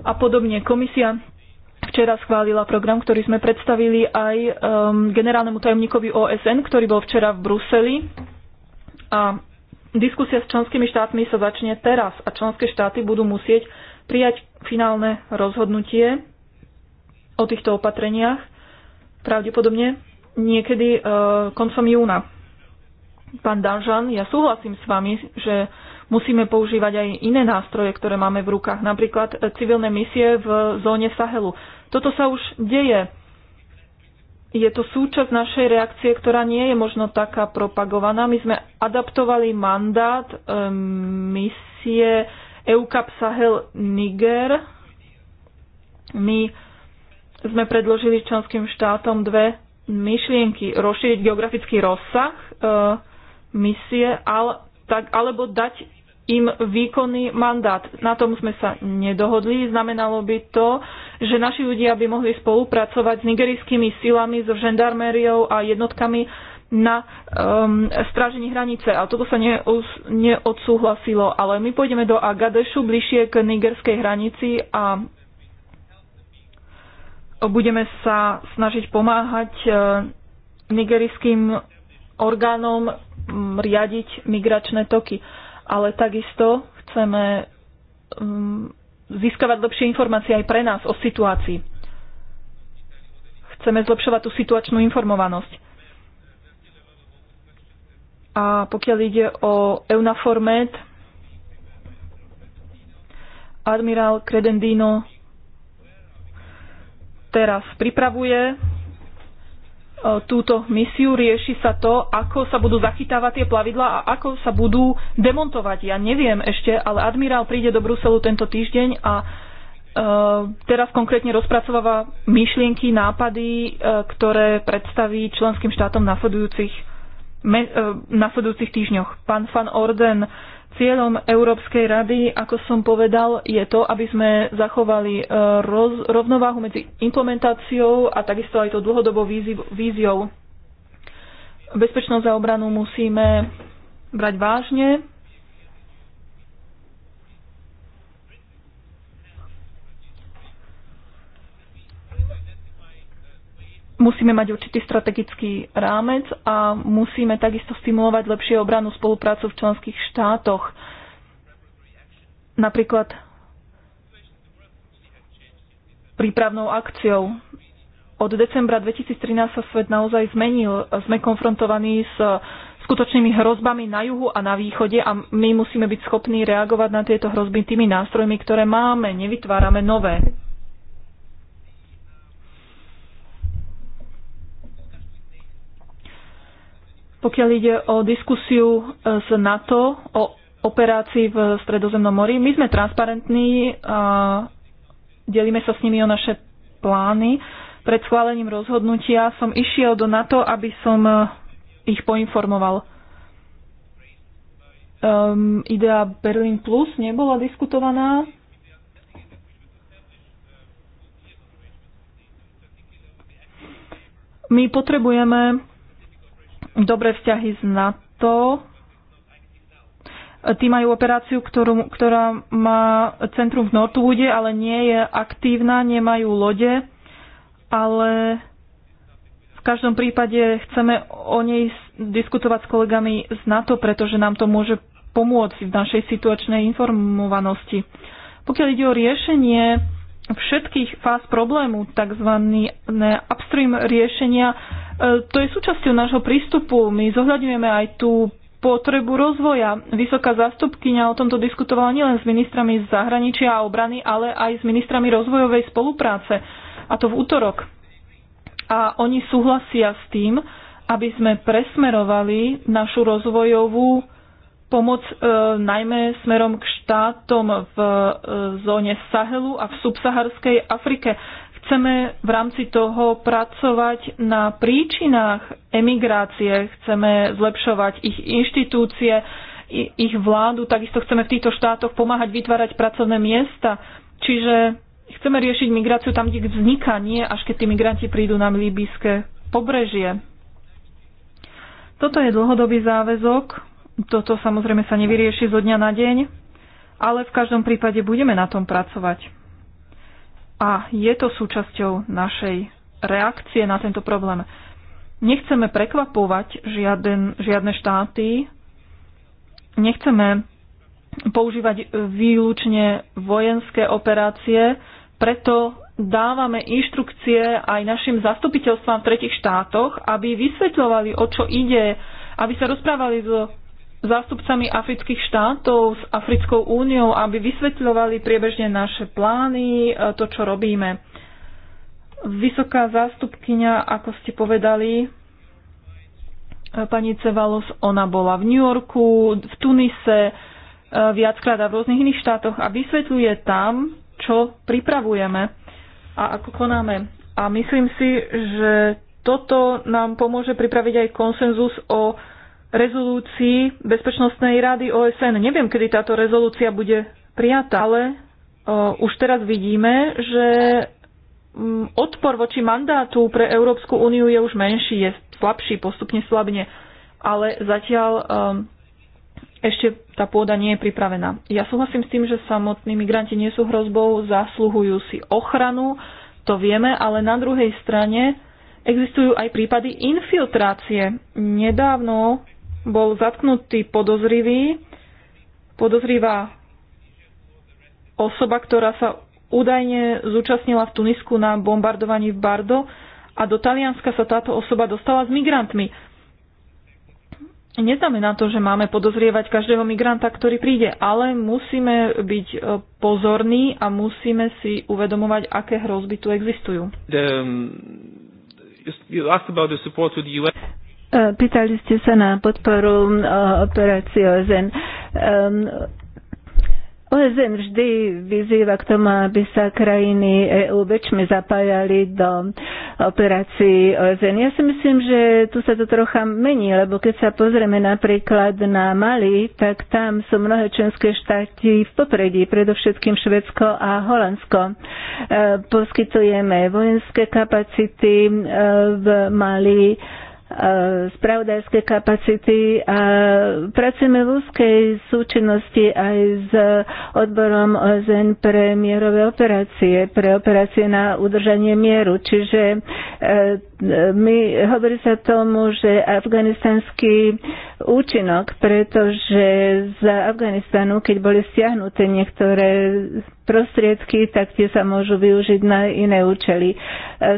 a podobne. Komisia včera schválila program, ktorý sme predstavili aj um, generálnemu tajomníkovi OSN, ktorý bol včera v Bruseli. A diskusia s členskými štátmi sa začne teraz a členské štáty budú musieť prijať finálne rozhodnutie o týchto opatreniach pravdepodobne niekedy uh, koncom júna pán Danžan, ja súhlasím s vami, že musíme používať aj iné nástroje, ktoré máme v rukách, napríklad e, civilné misie v zóne Sahelu. Toto sa už deje. Je to súčasť našej reakcie, ktorá nie je možno taká propagovaná. My sme adaptovali mandát e, misie EUCAP Sahel Niger. My sme predložili členským štátom dve myšlienky. Rozšíriť geografický rozsah e, misie, ale, tak, alebo dať im výkonný mandát. Na tom sme sa nedohodli. Znamenalo by to, že naši ľudia by mohli spolupracovať s nigerijskými silami, so žandarmériou a jednotkami na um, strážení hranice. A toto sa neus, neodsúhlasilo. Ale my pôjdeme do Agadešu, bližšie k nigerskej hranici a budeme sa snažiť pomáhať uh, nigerijským orgánom riadiť migračné toky. Ale takisto chceme získavať lepšie informácie aj pre nás o situácii. Chceme zlepšovať tú situačnú informovanosť. A pokiaľ ide o EUNAFORMET, admirál Credendino teraz pripravuje E, túto misiu, rieši sa to, ako sa budú zachytávať tie plavidla a ako sa budú demontovať. Ja neviem ešte, ale admirál príde do Bruselu tento týždeň a e, teraz konkrétne rozpracováva myšlienky, nápady, e, ktoré predstaví členským štátom nasledujúcich, nasledujúcich týždňoch. Pán Van Orden Cieľom Európskej rady, ako som povedal, je to, aby sme zachovali e, roz, rovnováhu medzi implementáciou a takisto aj to dlhodobou víziou. Bezpečnosť a obranu musíme brať vážne, musíme mať určitý strategický rámec a musíme takisto stimulovať lepšie obranu spoluprácu v členských štátoch. Napríklad prípravnou akciou. Od decembra 2013 sa svet naozaj zmenil. Sme konfrontovaní s skutočnými hrozbami na juhu a na východe a my musíme byť schopní reagovať na tieto hrozby tými nástrojmi, ktoré máme. Nevytvárame nové. Pokiaľ ide o diskusiu e, s NATO o operácii v Stredozemnom mori, my sme transparentní, a delíme sa s nimi o naše plány. Pred schválením rozhodnutia som išiel do NATO, aby som e, ich poinformoval. Um, idea Berlin Plus nebola diskutovaná. My potrebujeme dobré vzťahy s NATO. Tí majú operáciu, ktorú, ktorá má centrum v Northwoode, ale nie je aktívna, nemajú lode, ale v každom prípade chceme o nej diskutovať s kolegami z NATO, pretože nám to môže pomôcť v našej situačnej informovanosti. Pokiaľ ide o riešenie všetkých fáz problému, tzv. upstream riešenia, E, to je súčasťou nášho prístupu. My zohľadňujeme aj tú potrebu rozvoja. Vysoká zástupkyňa o tomto diskutovala nielen s ministrami zahraničia a obrany, ale aj s ministrami rozvojovej spolupráce. A to v útorok. A oni súhlasia s tým, aby sme presmerovali našu rozvojovú pomoc e, najmä smerom k štátom v e, zóne Sahelu a v subsaharskej Afrike. Chceme v rámci toho pracovať na príčinách emigrácie, chceme zlepšovať ich inštitúcie, ich vládu, takisto chceme v týchto štátoch pomáhať vytvárať pracovné miesta. Čiže chceme riešiť migráciu tam, kde vzniká, nie až keď tí migranti prídu na líbyské pobrežie. Toto je dlhodobý záväzok, toto samozrejme sa nevyrieši zo dňa na deň, ale v každom prípade budeme na tom pracovať a je to súčasťou našej reakcie na tento problém. Nechceme prekvapovať žiaden, žiadne štáty, nechceme používať výlučne vojenské operácie, preto dávame inštrukcie aj našim zastupiteľstvám v tretich štátoch, aby vysvetľovali, o čo ide, aby sa rozprávali so zástupcami afrických štátov, s Africkou úniou, aby vysvetľovali priebežne naše plány, e, to, čo robíme. Vysoká zástupkyňa, ako ste povedali, e, pani Cevalos, ona bola v New Yorku, v Tunise, e, viackrát a v rôznych iných štátoch a vysvetľuje tam, čo pripravujeme a ako konáme. A myslím si, že toto nám pomôže pripraviť aj konsenzus o rezolúcii Bezpečnostnej rady OSN. Neviem, kedy táto rezolúcia bude prijatá, ale o, už teraz vidíme, že m, odpor voči mandátu pre Európsku úniu je už menší, je slabší, postupne slabne, ale zatiaľ um, ešte tá pôda nie je pripravená. Ja súhlasím s tým, že samotní migranti nie sú hrozbou, zasluhujú si ochranu, to vieme, ale na druhej strane existujú aj prípady infiltrácie. Nedávno bol zatknutý podozrivý, podozrivá osoba, ktorá sa údajne zúčastnila v Tunisku na bombardovaní v Bardo a do Talianska sa táto osoba dostala s migrantmi. Neznamená to, že máme podozrievať každého migranta, ktorý príde, ale musíme byť e, pozorní a musíme si uvedomovať, aké hrozby tu existujú. Um, E, pýtali ste sa na podporu e, operácie OSN. OSN vždy vyzýva k tomu, aby sa krajiny EU väčšmi zapájali do operácií OSN. Ja si myslím, že tu sa to trocha mení, lebo keď sa pozrieme napríklad na Mali, tak tam sú mnohé členské štáty v popredí, predovšetkým Švedsko a Holandsko. E, poskytujeme vojenské kapacity v Mali, spravodajské kapacity a pracujeme v úzkej súčinnosti aj s odborom OZN pre mierové operácie, pre operácie na udržanie mieru. Čiže e, my, hovorí sa tomu, že afganistanský účinok, pretože z Afganistanu, keď boli stiahnuté niektoré prostriedky, tak tie sa môžu využiť na iné účely. E,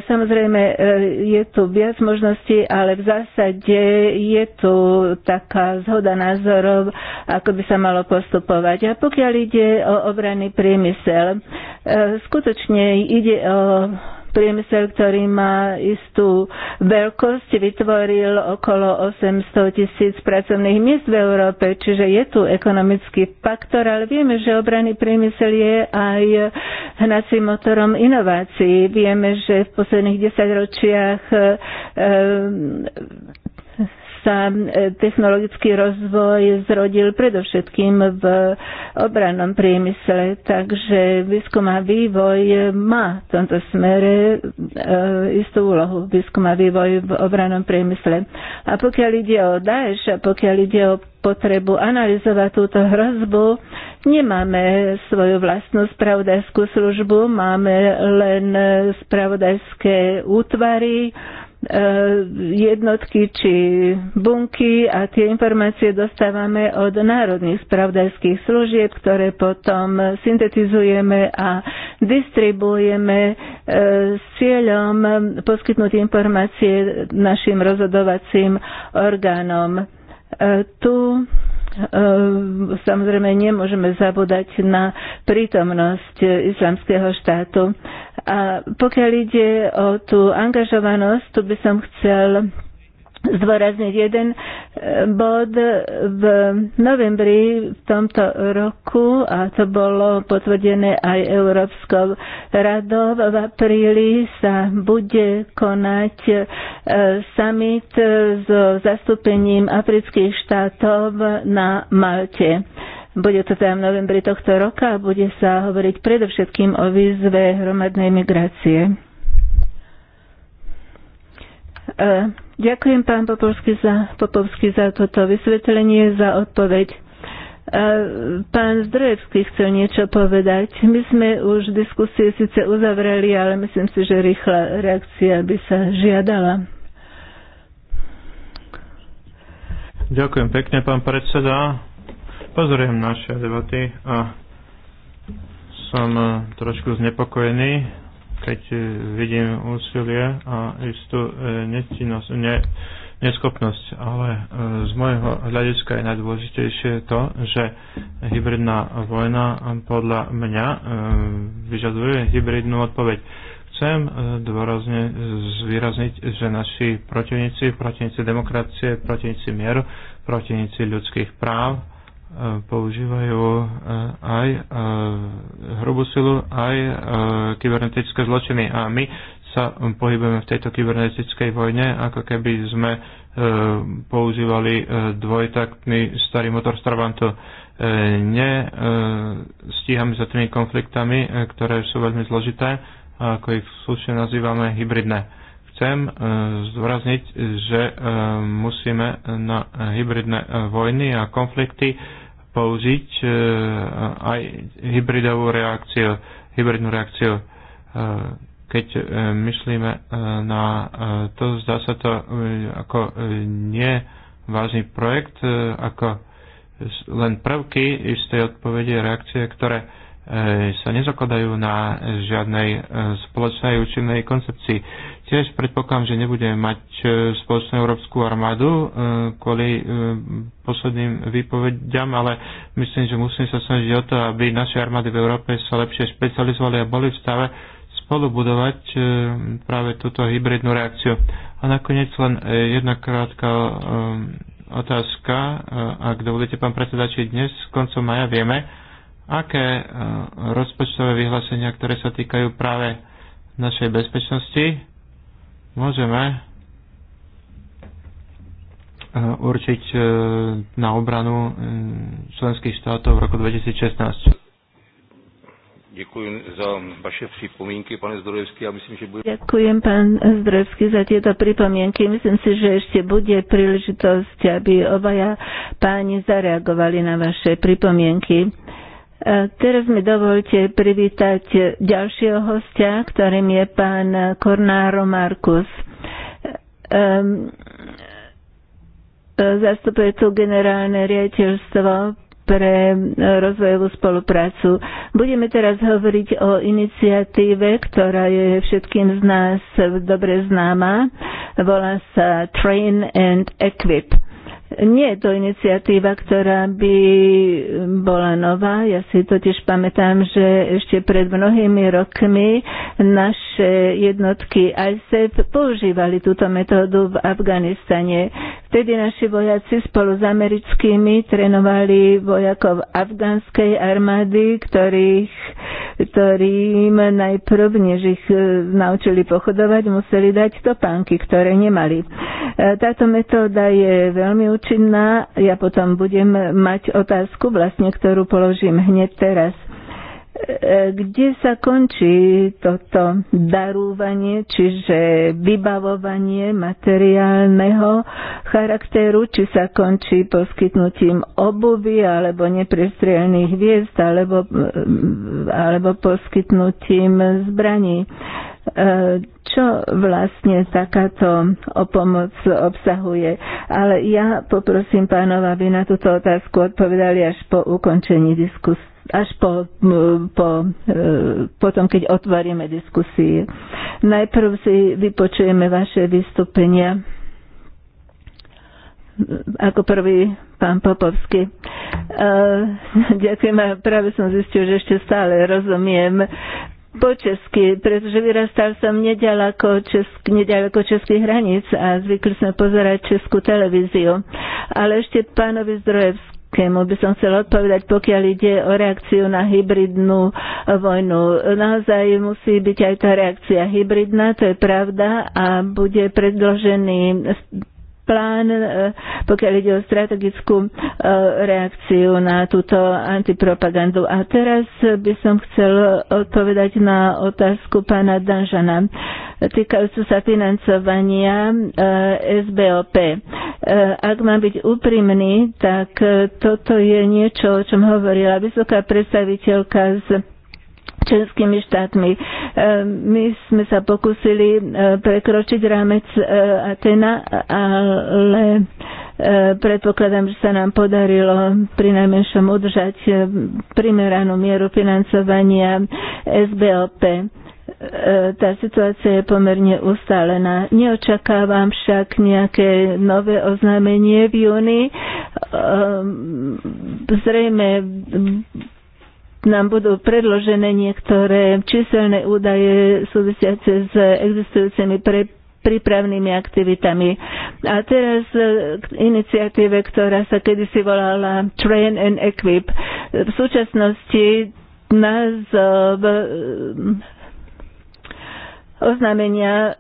samozrejme, e, je tu viac možností, ale v zásade je tu taká zhoda názorov, ako by sa malo postupovať. A pokiaľ ide o obranný priemysel, e, skutočne ide o priemysel, ktorý má istú veľkosť, vytvoril okolo 800 tisíc pracovných miest v Európe, čiže je tu ekonomický faktor, ale vieme, že obranný priemysel je aj hnacím motorom inovácií. Vieme, že v posledných desaťročiach ročiach eh, sa e, technologický rozvoj zrodil predovšetkým v obrannom priemysle, takže výskum a vývoj má v tomto smere e, istú úlohu výskum a vývoj v obranom priemysle. A pokiaľ ide o Daesh a pokiaľ ide o potrebu analyzovať túto hrozbu. Nemáme svoju vlastnú spravodajskú službu, máme len spravodajské útvary Eh, jednotky či bunky a tie informácie dostávame od národných spravodajských služieb, ktoré potom syntetizujeme a distribuujeme eh, s cieľom poskytnúť informácie našim rozhodovacím orgánom. Eh, tu Ehm, samozrejme, nemôžeme zabúdať na prítomnosť islamského štátu. A pokiaľ ide o tú angažovanosť, tu by som chcel zdôrazniť jeden e, bod. V novembri v tomto roku, a to bolo potvrdené aj Európskou radou, v apríli sa bude konať e, summit e, so zastúpením afrických štátov na Malte. Bude to teda v novembri tohto roka a bude sa hovoriť predovšetkým o výzve hromadnej migrácie. E, ďakujem pán Popovský za, Popovský za toto vysvetlenie, za odpoveď. E, pán Zdrojevský chcel niečo povedať. My sme už diskusie síce uzavreli, ale myslím si, že rýchla reakcia by sa žiadala. Ďakujem pekne, pán predseda. Pozorujem naše debaty a som e, trošku znepokojený keď e, vidím úsilie a istú e, nečinnosť, ne, neschopnosť. Ale e, z môjho hľadiska je najdôležitejšie to, že hybridná vojna podľa mňa vyžaduje hybridnú odpoveď. Chcem dôrazne zvýrazniť, že naši protivníci, protivníci demokracie, protivníci mieru, protivníci ľudských práv, používajú e, aj e, hrubú silu, aj e, kybernetické zločiny. A my sa pohybujeme v tejto kybernetickej vojne, ako keby sme používali dvojtaktný starý motor Stravanto. Ne stíhame za tými konfliktami, ktoré sú veľmi zložité, ako ich slušne nazývame hybridné chcem zdôrazniť, že musíme na hybridné vojny a konflikty použiť e, aj hybridovú reakciu, hybridnú reakciu. E, keď e, myslíme na to, zdá sa to ako nie vážny projekt, ako len prvky istej odpovede reakcie, ktoré E, sa nezakladajú na žiadnej e, spoločnej účinnej koncepcii. Tiež predpokladám, že nebudeme mať e, spoločnú európsku armádu kvôli posledným výpovediam, ale myslím, že musíme sa snažiť o to, aby naše armády v Európe sa lepšie špecializovali a boli v stave spolu budovať práve túto hybridnú reakciu. A nakoniec len jedna krátka otázka, ak dovolíte, pán predseda, či dnes koncom maja vieme, aké e, rozpočtové vyhlásenia, ktoré sa týkajú práve našej bezpečnosti, môžeme e, určiť e, na obranu členských štátov v roku 2016. Ďakujem za vaše pripomienky, pane Zdrojevský. Ja myslím, že bude... Ďakujem, pán Zdrojevský, za tieto pripomienky. Myslím si, že ešte bude príležitosť, aby obaja páni zareagovali na vaše pripomienky. Teraz mi dovolte privítať ďalšieho hostia, ktorým je pán Kornáro Markus. Ehm, zastupuje tu generálne riaditeľstvo pre rozvojovú spoluprácu. Budeme teraz hovoriť o iniciatíve, ktorá je všetkým z nás dobre známa. Volá sa Train and Equip nie je to iniciatíva, ktorá by bola nová. Ja si totiž pamätám, že ešte pred mnohými rokmi naše jednotky ISEF používali túto metódu v Afganistane. Vtedy naši vojaci spolu s americkými trénovali vojakov afgánskej armády, ktorých, ktorým najprv, než ich e, naučili pochodovať, museli dať topánky, ktoré nemali. E, táto metóda je veľmi neúčinná, Ja potom budem mať otázku, vlastne, ktorú položím hneď teraz. E, kde sa končí toto darúvanie, čiže vybavovanie materiálneho charakteru, či sa končí poskytnutím obuvy alebo neprestrelných hviezd alebo, e, alebo poskytnutím zbraní? Eh, čo vlastne takáto pomoc obsahuje. Ale ja poprosím pánov, aby na túto otázku odpovedali až po ukončení diskusie až po, po, eh, potom, keď otvoríme diskusie. Najprv si vypočujeme vaše vystúpenia. Ako prvý pán Popovský. Eh, ďakujem, práve som zistil, že ešte stále rozumiem po česky, pretože vyrastal som nedaleko, česk, nedaleko českých hraníc a zvykli sme pozerať českú televíziu. Ale ešte pánovi Zdrojevskému by som chcel odpovedať, pokiaľ ide o reakciu na hybridnú vojnu. Naozaj musí byť aj tá reakcia hybridná, to je pravda, a bude predložený plán, e, pokiaľ ide o strategickú e, reakciu na túto antipropagandu. A teraz by som chcel odpovedať na otázku pána Danžana týkajúcu sa financovania e, SBOP. Ak mám byť úprimný, tak toto je niečo, o čom hovorila vysoká predstaviteľka z členskými štátmi. E, my sme sa pokúsili e, prekročiť rámec e, Atena, ale predpokladám, že sa nám podarilo pri najmenšom udržať primeranú mieru financovania SBOP tá situácia je pomerne ustálená. Neočakávam však nejaké nové oznámenie v júni. Zrejme nám budú predložené niektoré číselné údaje súvisiace s existujúcimi pre prípravnými aktivitami. A teraz e, k iniciatíve, ktorá sa kedysi volala Train and Equip. V súčasnosti nás e, e, oznámenia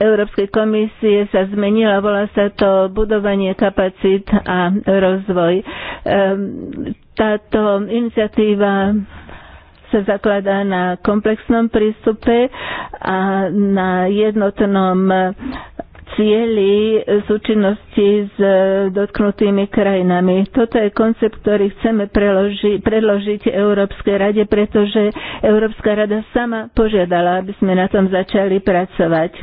Európskej komisie sa zmenila, volá sa to budovanie kapacít a rozvoj. Ehm, táto iniciatíva sa zakladá na komplexnom prístupe a na jednotnom cieli súčinnosti s dotknutými krajinami. Toto je koncept, ktorý chceme preloži, predložiť Európskej rade, pretože Európska rada sama požiadala, aby sme na tom začali pracovať e,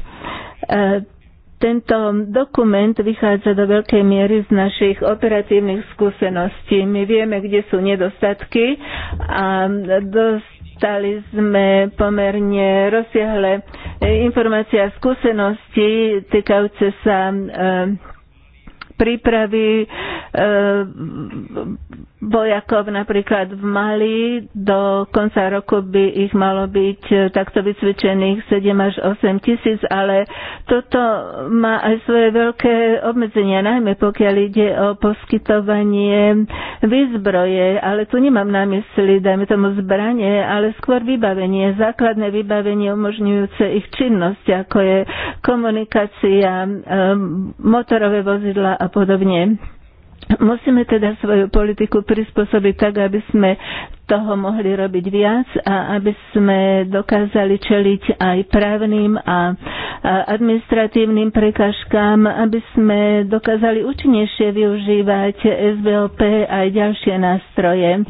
tento dokument vychádza do veľkej miery z našich operatívnych skúseností. My vieme, kde sú nedostatky a dosť Dostali sme pomerne rozsiahle informácie a skúsenosti týkajúce sa eh, prípravy e, vojakov napríklad v Mali. Do konca roku by ich malo byť e, takto vycvičených 7 až 8 tisíc, ale toto má aj svoje veľké obmedzenia, najmä pokiaľ ide o poskytovanie výzbroje, ale tu nemám na mysli, dajme tomu zbranie, ale skôr vybavenie, základné vybavenie umožňujúce ich činnosť, ako je komunikácia, e, motorové vozidla a podobne. Musíme teda svoju politiku prispôsobiť tak, aby sme toho mohli robiť viac a aby sme dokázali čeliť aj právnym a administratívnym prekažkám, aby sme dokázali účinnejšie využívať SBOP aj ďalšie nástroje. E,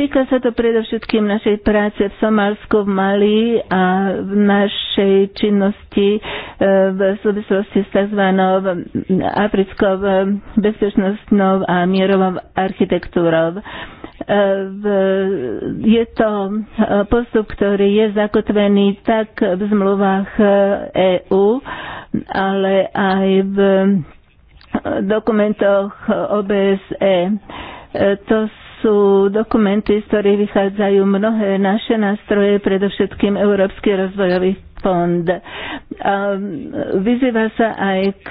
týka sa to predovšetkým našej práce v Somálsku, v Mali a v našej činnosti e, v súvislosti s tzv. africkou e, bezpečnostnou a mierovou architektúrou. V E, je to e, postup, ktorý je zakotvený tak v zmluvách EÚ, e ale aj v dokumentoch OBSE. To sú dokumenty, z ktorých vychádzajú mnohé naše nástroje, predovšetkým Európsky rozvojový fond. A vyzýva sa aj k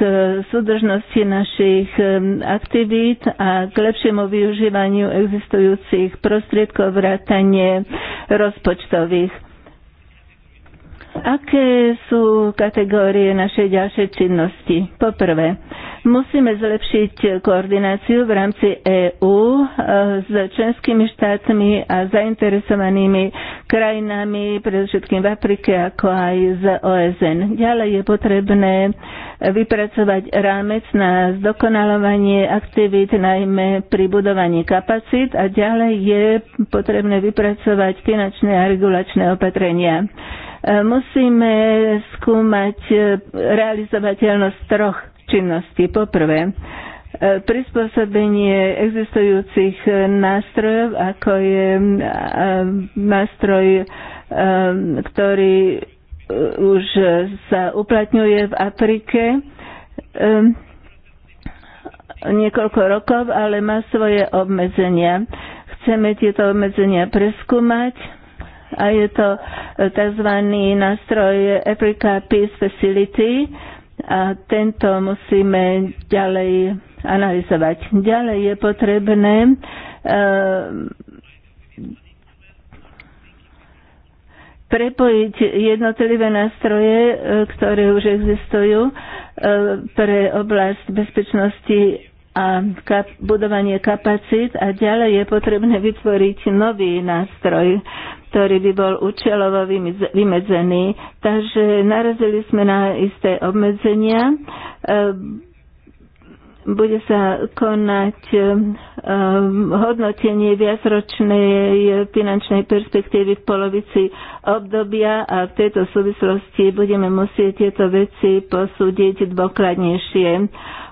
súdržnosti našich um, aktivít a k lepšiemu využívaniu existujúcich prostriedkov vrátane rozpočtových. Aké sú kategórie našej ďalšej činnosti? Poprvé, Musíme zlepšiť koordináciu v rámci EÚ eh, s členskými štátmi a zainteresovanými krajinami, predovšetkým v Afrike, ako aj z OSN. Ďalej je potrebné vypracovať rámec na zdokonalovanie aktivít, najmä pri budovaní kapacít a ďalej je potrebné vypracovať finančné a regulačné opatrenia eh, musíme skúmať eh, realizovateľnosť troch činnosti. Poprvé, e, prispôsobenie existujúcich nástrojov, ako je e, nástroj, e, ktorý už sa uplatňuje v Afrike niekoľko rokov, ale má svoje obmedzenia. Chceme tieto obmedzenia preskúmať a je to tzv. nástroj Africa Peace Facility, a tento musíme ďalej analyzovať. Ďalej je potrebné ehm, prepojiť jednotlivé nástroje, e, ktoré už existujú e, pre oblast bezpečnosti a kap- budovanie kapacít a ďalej je potrebné vytvoriť nový nástroj, ktorý by bol účelovo vymedzený. Takže narazili sme na isté obmedzenia. Ehm, bude sa konať ehm, hodnotenie viacročnej finančnej perspektívy v polovici obdobia a v tejto súvislosti budeme musieť tieto veci posúdiť dôkladnejšie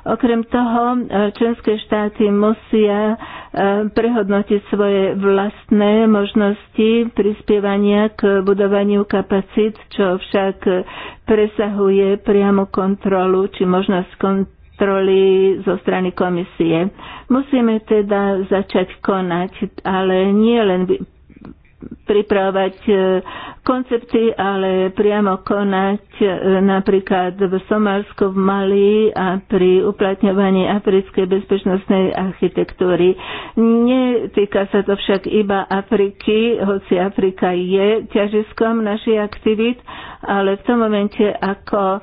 Okrem toho, e, členské štáty musia e, prehodnotiť svoje vlastné možnosti prispievania k budovaniu kapacít, čo však presahuje priamu kontrolu či možnosť kontrolu kontroly zo strany komisie. Musíme teda začať konať, ale nie len pripravovať e, koncepty, ale priamo konať e, napríklad v Somálsku, v Mali a pri uplatňovaní africkej bezpečnostnej architektúry. Netýka sa to však iba Afriky, hoci Afrika je ťažiskom našich aktivít, ale v tom momente, ako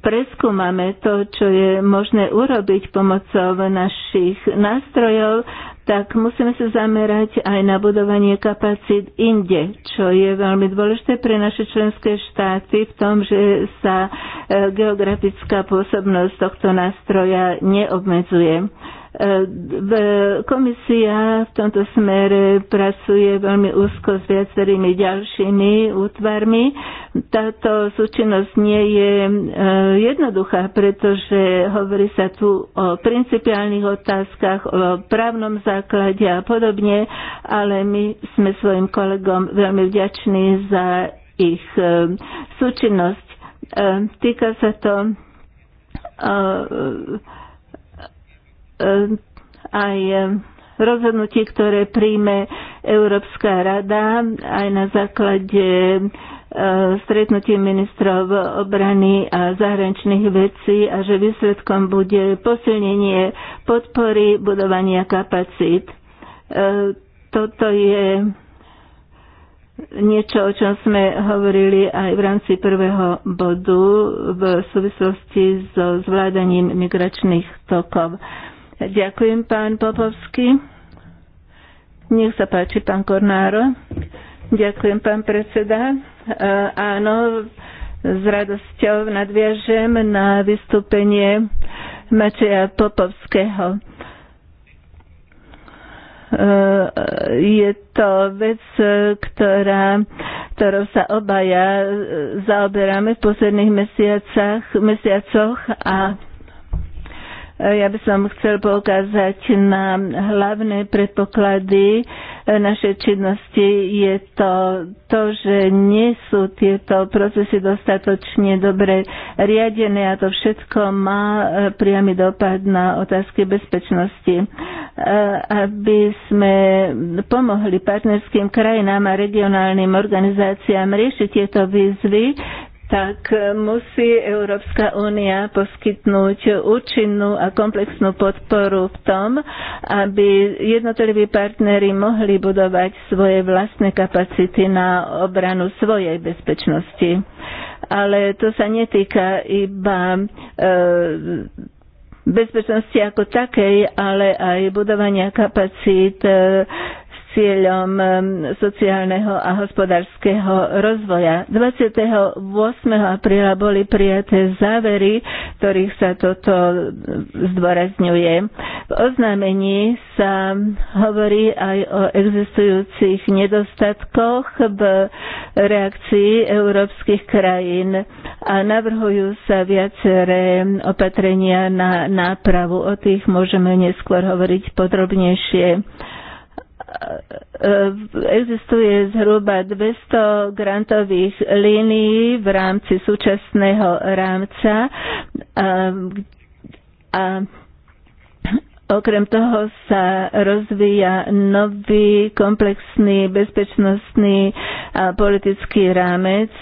preskúmame to, čo je možné urobiť pomocou našich nástrojov, tak musíme sa zamerať aj na budovanie kapacít inde, čo je veľmi dôležité pre naše členské štáty v tom, že sa e, geografická pôsobnosť tohto nástroja neobmedzuje. E, e, komisia v tomto smere pracuje veľmi úzko s viacerými ďalšími útvarmi. Táto súčinnosť nie je e, jednoduchá, pretože hovorí sa tu o principiálnych otázkach, o právnom základe a podobne, ale my sme svojim kolegom veľmi vďační za ich súčinnosť. Týka sa to Eh, aj eh, rozhodnutie, ktoré príjme Európska rada aj na základe eh, stretnutie ministrov obrany a zahraničných vecí a že výsledkom bude posilnenie podpory budovania kapacít. Toto je niečo, o čom sme hovorili aj v rámci prvého bodu v súvislosti so zvládaním migračných tokov. Ďakujem, pán Popovský. Nech sa páči, pán Kornáro. Ďakujem, pán predseda. E, áno, s radosťou nadviažem na vystúpenie Mačeja Popovského. E, je to vec, ktorá, ktorou sa obaja zaoberáme v posledných mesiacoch a Eh, ja by som chcel poukázať na hlavné predpoklady eh, našej činnosti. Je to to, že nie sú tieto procesy dostatočne dobre riadené a to všetko má eh, priamy dopad na otázky bezpečnosti. Aby sme pomohli partnerským krajinám a regionálnym organizáciám riešiť tieto výzvy, tak musí Európska únia poskytnúť účinnú a komplexnú podporu v tom, aby jednotliví partnery mohli budovať svoje vlastné kapacity na obranu svojej bezpečnosti. Ale to sa netýka iba e, bezpečnosti ako takej, ale aj budovania kapacít e, cieľom sociálneho a hospodárskeho rozvoja. 28. apríla boli prijaté závery, ktorých sa toto zdôrazňuje. V oznámení sa hovorí aj o existujúcich nedostatkoch v reakcii európskych krajín a navrhujú sa viaceré opatrenia na nápravu. O tých môžeme neskôr hovoriť podrobnejšie existuje zhruba 200 grantových línií v rámci súčasného rámca a, a Okrem toho sa rozvíja nový komplexný bezpečnostný a politický rámec,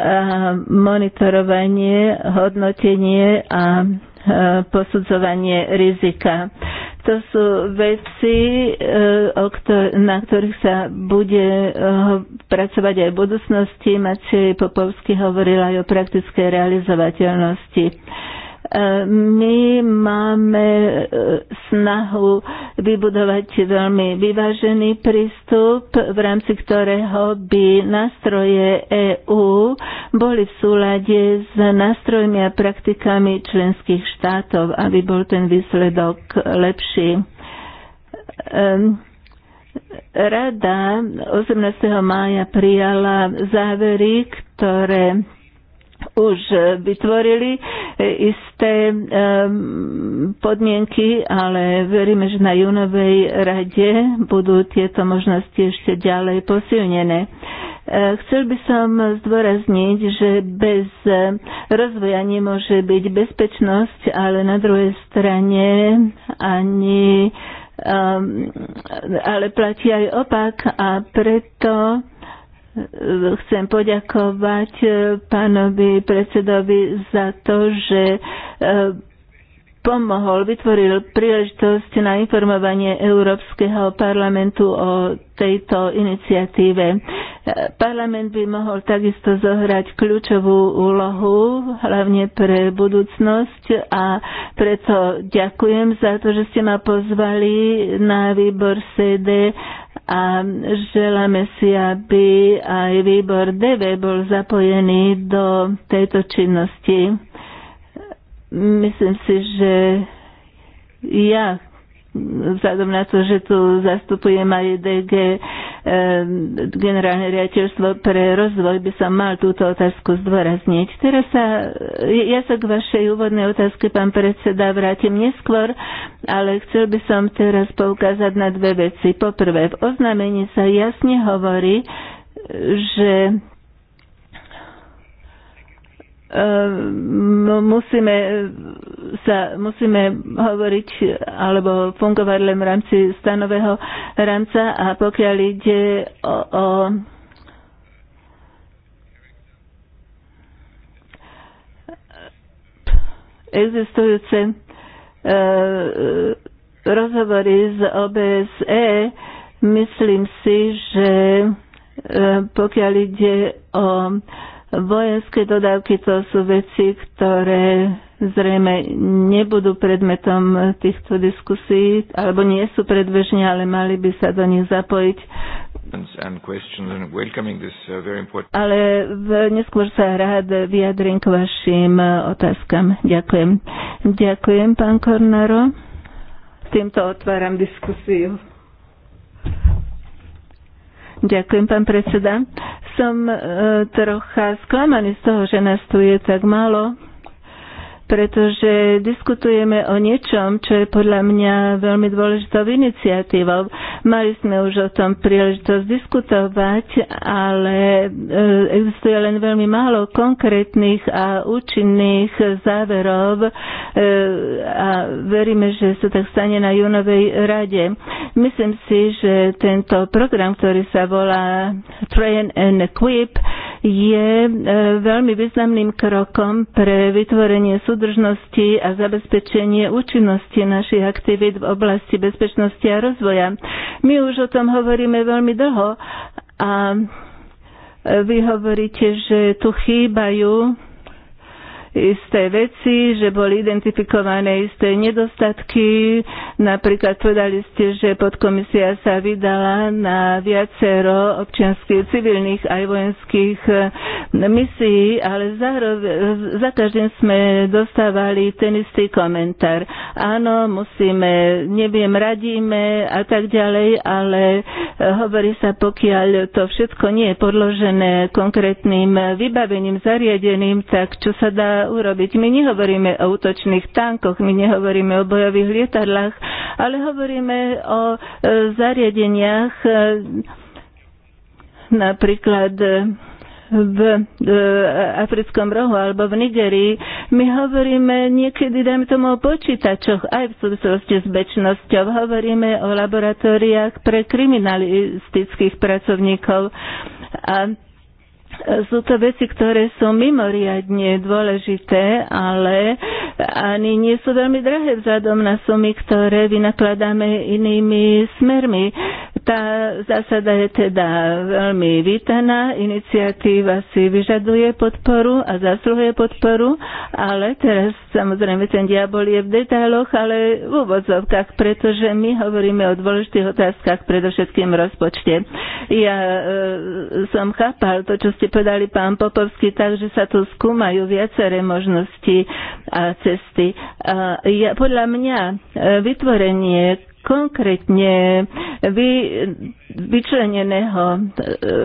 a monitorovanie, hodnotenie a posudzovanie rizika. To sú veci, e, na ktorých sa bude e, pracovať aj v budúcnosti. Maciej Popovský hovoril aj o praktickej realizovateľnosti. My máme e, snahu vybudovať veľmi vyvážený prístup, v rámci ktorého by nástroje EÚ boli v súlade s nástrojmi a praktikami členských štátov, aby bol ten výsledok lepší. Rada 18. mája prijala závery, ktoré už eh, vytvorili eh, isté ehm, podmienky, ale veríme, že na Junovej rade budú tieto možnosti ešte ďalej posilnené. Eh, chcel by som zdôrazniť, že bez rozvoja nemôže byť bezpečnosť, ale na druhej strane ani ehm, ale platí aj opak a preto chcem poďakovať eh, pánovi predsedovi za to, že eh, pomohol, vytvoril príležitosť na informovanie Európskeho parlamentu o tejto iniciatíve. Parlament by mohol takisto zohrať kľúčovú úlohu, hlavne pre budúcnosť a preto ďakujem za to, že ste ma pozvali na výbor CD a želáme si, aby aj výbor DV bol zapojený do tejto činnosti. Myslím si, že ja vzhľadom na to, že tu zastupujem aj DG eh, generálne riaditeľstvo pre rozvoj, by som mal túto otázku zdôrazniť. Teraz sa, eh, ja sa k vašej úvodnej otázke, pán predseda, vrátim neskôr, ale chcel by som teraz poukázať na dve veci. Poprvé, v oznámení sa jasne hovorí, eh, že Ehm, musíme, e, sa, musíme hovoriť alebo fungovať len v rámci stanového rámca a pokiaľ ide o, o existujúce e, rozhovory z OBSE, myslím si, že e, pokiaľ ide o Vojenské dodávky to sú veci, ktoré zrejme nebudú predmetom týchto diskusí, alebo nie sú predbežne, ale mali by sa do nich zapojiť. Uh, ale neskôr sa rád vyjadrím k vašim uh, otázkam. Ďakujem. Ďakujem, pán Kornaro. Týmto otváram diskusiu. Ďakujem, pán predseda som e, trocha sklamaný z toho, že nás tu je tak málo pretože diskutujeme o niečom, čo je podľa mňa veľmi dôležitou iniciatívou. Mali sme už o tom príležitosť diskutovať, ale e, existuje len veľmi málo konkrétnych a účinných záverov e, a veríme, že sa tak stane na Junovej rade. Myslím si, že tento program, ktorý sa volá Train and Equip, je e, veľmi významným krokom pre vytvorenie súdržnosti a zabezpečenie účinnosti našich aktivít v oblasti bezpečnosti a rozvoja. My už o tom hovoríme veľmi dlho a e, vy hovoríte, že tu chýbajú isté veci, že boli identifikované isté nedostatky. Napríklad povedali ste, že podkomisia sa vydala na viacero občianských, civilných aj vojenských eh, misií, ale zároveň, za každým sme dostávali ten istý komentár. Áno, musíme, neviem, radíme a tak ďalej, ale eh, hovorí sa, pokiaľ to všetko nie je podložené konkrétnym vybavením, zariadením, tak čo sa dá urobiť. My nehovoríme o útočných tankoch, my nehovoríme o bojových lietadlách, ale hovoríme o e, zariadeniach e, napríklad e, v, v africkom rohu alebo v Nigerii, my hovoríme niekedy, dajme tomu, o počítačoch aj v súvislosti s bečnosťou. Hovoríme o laboratóriách pre kriminalistických pracovníkov. A sú to veci, ktoré sú mimoriadne dôležité, ale ani nie sú veľmi drahé vzhľadom na sumy, ktoré vynakladáme inými smermi. Tá zásada je teda veľmi vítaná, iniciatíva si vyžaduje podporu a zasluhuje podporu, ale teraz samozrejme ten diabol je v detailoch, ale v úvodzovkách, pretože my hovoríme o dôležitých otázkach, predovšetkým rozpočte. Ja e, som chápal to, čo ste povedali pán Popovský, takže sa tu skúmajú viaceré možnosti a cesty. A ja, podľa mňa e, vytvorenie konkrétne vy, vyčleneného e,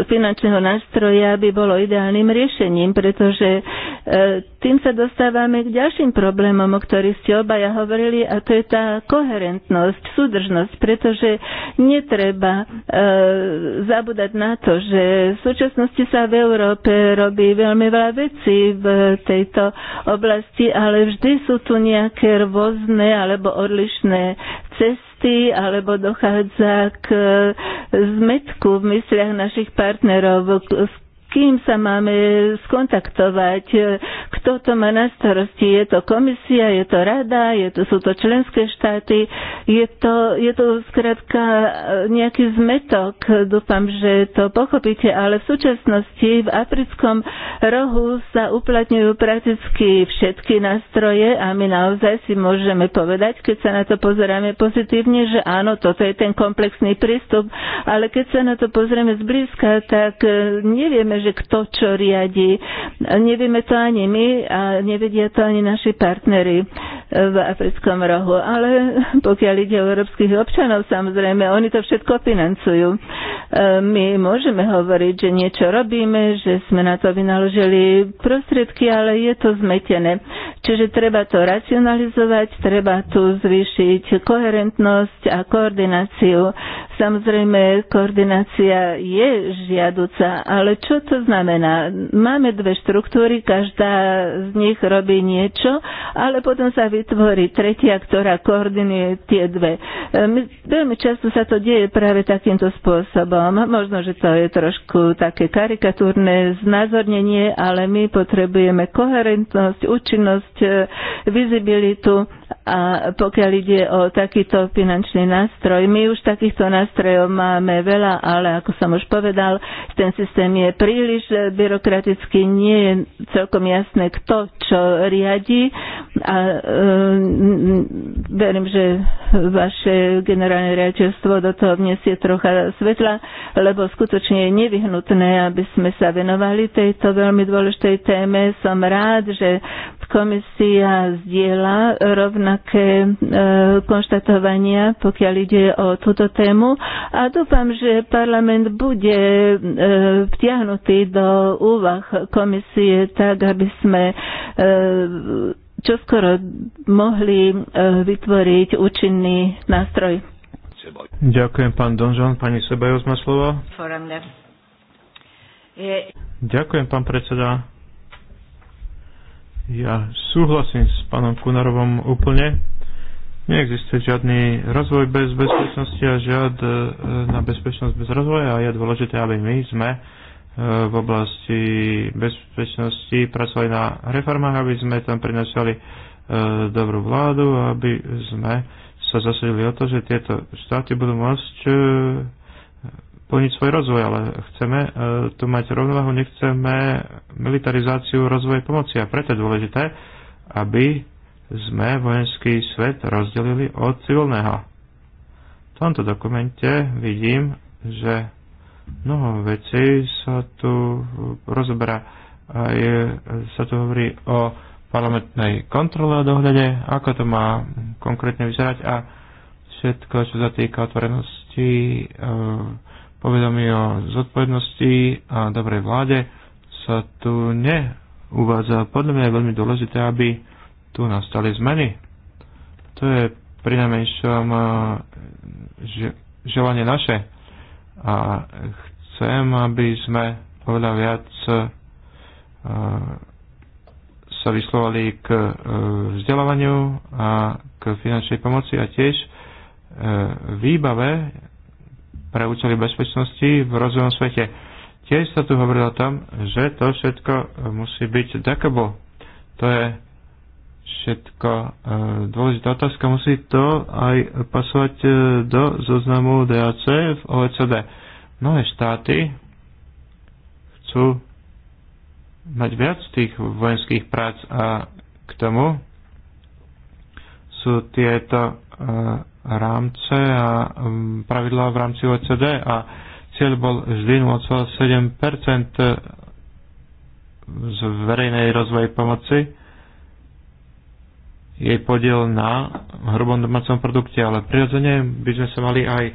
finančného nástroja by bolo ideálnym riešením, pretože e, tým sa dostávame k ďalším problémom, o ktorých ste obaja hovorili, a to je tá koherentnosť, súdržnosť, pretože netreba e, zabúdať na to, že v súčasnosti sa v Európe robí veľmi veľa vecí v tejto oblasti, ale vždy sú tu nejaké rôzne alebo odlišné cesty konflikty alebo dochádza k zmetku v mysliach našich partnerov kým sa máme skontaktovať, e, kto to má na starosti. Je to komisia, je to rada, je to, sú to členské štáty. Je to, je to zkrátka e, nejaký zmetok. Dúfam, že to pochopíte, ale v súčasnosti v africkom rohu sa uplatňujú prakticky všetky nástroje a my naozaj si môžeme povedať, keď sa na to pozeráme pozitívne, že áno, toto je ten komplexný prístup, ale keď sa na to pozrieme zblízka, tak e, nevieme, že kto čo riadi. Nevieme to ani my a nevedia to ani naši partnery v africkom rohu. Ale pokiaľ ide o európskych občanov, samozrejme, oni to všetko financujú. E, my môžeme hovoriť, že niečo robíme, že sme na to vynaložili prostriedky, ale je to zmetené. Čiže treba to racionalizovať, treba tu zvýšiť koherentnosť a koordináciu. Samozrejme, koordinácia je žiaduca, ale čo to znamená? Máme dve štruktúry, každá z nich robí niečo, ale potom sa vytvorí tretia, ktorá koordinuje tie dve. E, veľmi často sa to deje práve takýmto spôsobom. Možno, že to je trošku také karikatúrne znázornenie, ale my potrebujeme koherentnosť, účinnosť, E, vizibilitu a pokiaľ ide o takýto finančný nástroj, my už takýchto nástrojov máme veľa, ale ako som už povedal, ten systém je príliš e, byrokratický, nie je celkom jasné, kto čo riadi a e, verím, že vaše generálne riaditeľstvo do toho vniesie trocha svetla, lebo skutočne je nevyhnutné, aby sme sa venovali tejto veľmi dôležitej téme. Som rád, že Komisia zdieľa rovnaké e, konštatovania, pokiaľ ide o túto tému a dúfam, že parlament bude e, vtiahnutý do úvah komisie tak, aby sme e, čoskoro mohli e, vytvoriť účinný nástroj. Ďakujem, pán Donžan. Pani Sebajos má slovo. Ďakujem, pán predseda. Ja súhlasím s pánom Kunarovom úplne. Neexistuje žiadny rozvoj bez bezpečnosti a žiad e, na bezpečnosť bez rozvoja a je dôležité, aby my sme e, v oblasti bezpečnosti pracovali na reformách, aby sme tam prinašali e, dobrú vládu, aby sme sa zasadili o to, že tieto štáty budú môcť plniť svoj rozvoj, ale chceme e, tu mať rovnováhu, nechceme militarizáciu rozvoje pomoci a preto je dôležité, aby sme vojenský svet rozdelili od civilného. V tomto dokumente vidím, že mnoho vecí sa tu rozoberá. Aj sa tu hovorí o parlamentnej kontrole a dohľade, ako to má konkrétne vyzerať a všetko, čo sa týka otvorenosti, e, povedomí o zodpovednosti a dobrej vláde sa tu neuvádza. Podľa mňa je veľmi dôležité, aby tu nastali zmeny. To je pri najmenšom eh, želanie naše. A chcem, aby sme oveľa viac eh, sa vyslovali k eh, vzdelávaniu a k finančnej pomoci a tiež výbave pre účely bezpečnosti v rozvojom svete. Tiež sa tu hovorilo o tom, že to všetko e, musí byť deckable. To je všetko e, dôležitá otázka. Musí to aj pasovať e, do zoznamu DAC v OECD. Mnohé štáty chcú mať viac tých vojenských prác a k tomu sú tieto rámce a um, pravidlá v rámci OECD a cieľ bol vždy 0,7 eh, z verejnej rozvojej pomoci jej podiel na hrubom domácom produkte, ale prirodzene by sme sa mali aj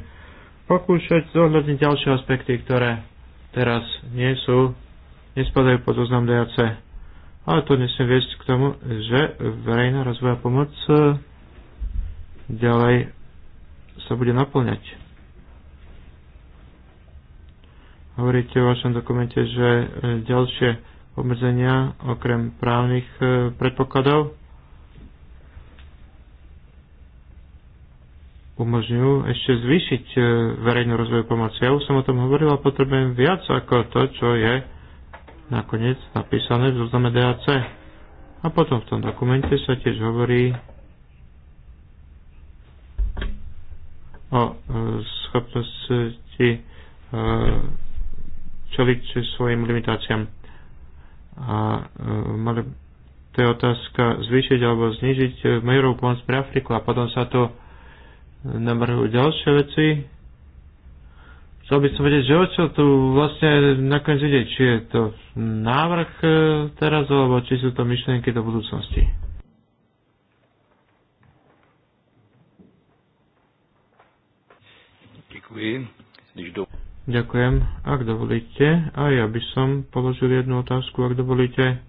pokúšať zohľadniť ďalšie aspekty, ktoré teraz nie sú, nespadajú pod zoznam DAC. Ale to nesmie viesť k tomu, že verejná rozvoja pomoc eh, ďalej sa bude naplňať. Hovoríte o vašom dokumente, že e, ďalšie obmedzenia okrem právnych e, predpokladov umožňujú ešte zvýšiť e, verejnú rozvoju pomoci. Ja už som o tom hovoril a potrebujem viac ako to, čo je nakoniec napísané v zozname DAC. A potom v tom dokumente sa tiež hovorí o e, schopnosti e, čeliť svojim limitáciám. A e, mali, to je otázka zvýšiť alebo znižiť mieru pomoc pre Afriku a potom sa to navrhujú ďalšie veci. Chcel by som vedieť, že o čo tu vlastne nakoniec ide, či je to návrh teraz, alebo či sú to myšlienky do budúcnosti. Ďakujem. Ak dovolíte, a ja by som položil jednu otázku, ak dovolíte,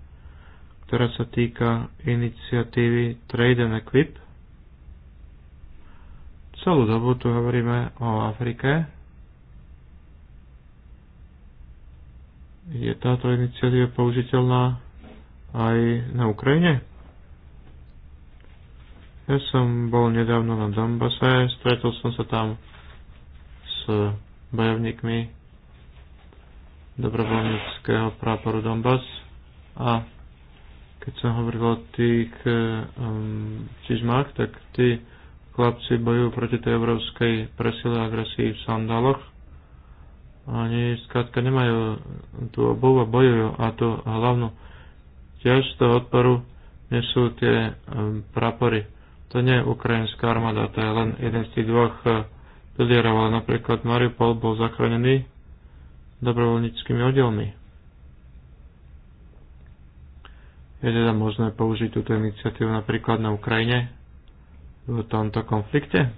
ktorá sa týka iniciatívy Trade and Equip. Celú dobu tu hovoríme o Afrike. Je táto iniciatíva použiteľná aj na Ukrajine? Ja som bol nedávno na Donbase, stretol som sa tam s bojovníkmi dobrovoľníckého práporu Donbass a keď som hovoril o tých um, e, čizmách, tak tí chlapci bojujú proti tej európskej presile a agresii v sandáloch. Oni skrátka nemajú tú obuv a bojujú a tú hlavnú ťaž z toho odporu nesú tie um, prapory. To nie je ukrajinská armáda, to je len jeden z tých dvoch uh, dodierovala. Napríklad Mariupol bol zachránený dobrovoľníckými oddielmi. Je teda možné použiť túto iniciatívu napríklad na Ukrajine v tomto konflikte?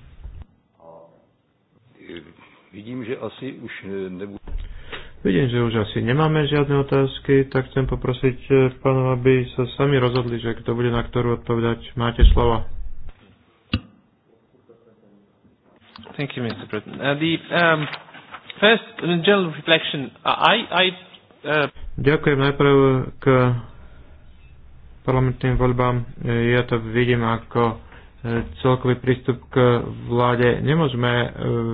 Vidím, že asi už nebudú. Vidím, že už asi nemáme žiadne otázky, tak chcem poprosiť eh, pánov, aby sa sami rozhodli, že kto bude na ktorú odpovedať. Máte slova. Thank you, Mr. President. Uh, the um, first general reflection, I, I uh... Ďakujem najprv k parlamentným voľbám. E, ja to vidím ako e, celkový prístup k vláde. Nemôžeme e,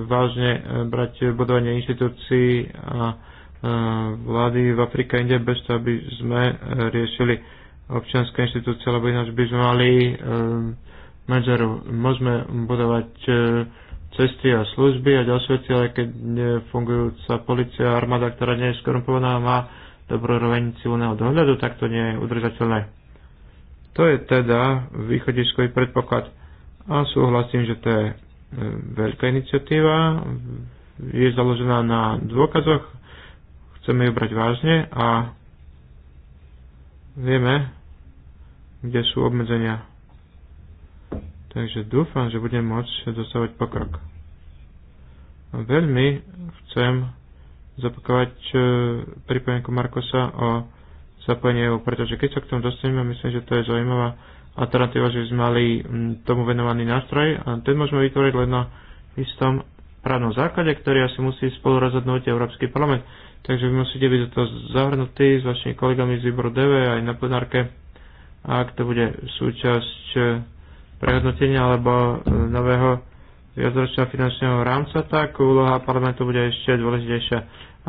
vážne brať budovanie inštitúcií a vlády v Afrike inde bez toho, aby sme riešili občianské inštitúcie, lebo ináč by sme mali medzeru. Môžeme budovať cesty a služby a ďalšie veci, ale keď fungujúca policia a armáda, ktorá nie je skorumpovaná, a má dobrú roveň civilného dohľadu, tak to nie je udržateľné. To je teda východiskový predpoklad. A súhlasím, že to je e, veľká iniciatíva, je založená na dôkazoch, chceme ju brať vážne a vieme, kde sú obmedzenia. Takže dúfam, že budem môcť dosávať pokrok. Veľmi chcem zopakovať e, pripomienku Markosa o zapojení EU, pretože keď sa k tomu dostaneme, myslím, že to je zaujímavá alternatíva, že sme mali tomu venovaný nástroj a ten môžeme vytvoriť len na istom právnom základe, ktorý asi musí spolu rozhodnúť Európsky parlament. Takže vy musíte byť za to zahrnutí s vašimi kolegami z výboru DV aj na plenárke. ak to bude súčasť e, prehodnotenia alebo e, nového viacročného finančného rámca, tak úloha parlamentu bude ešte dôležitejšia.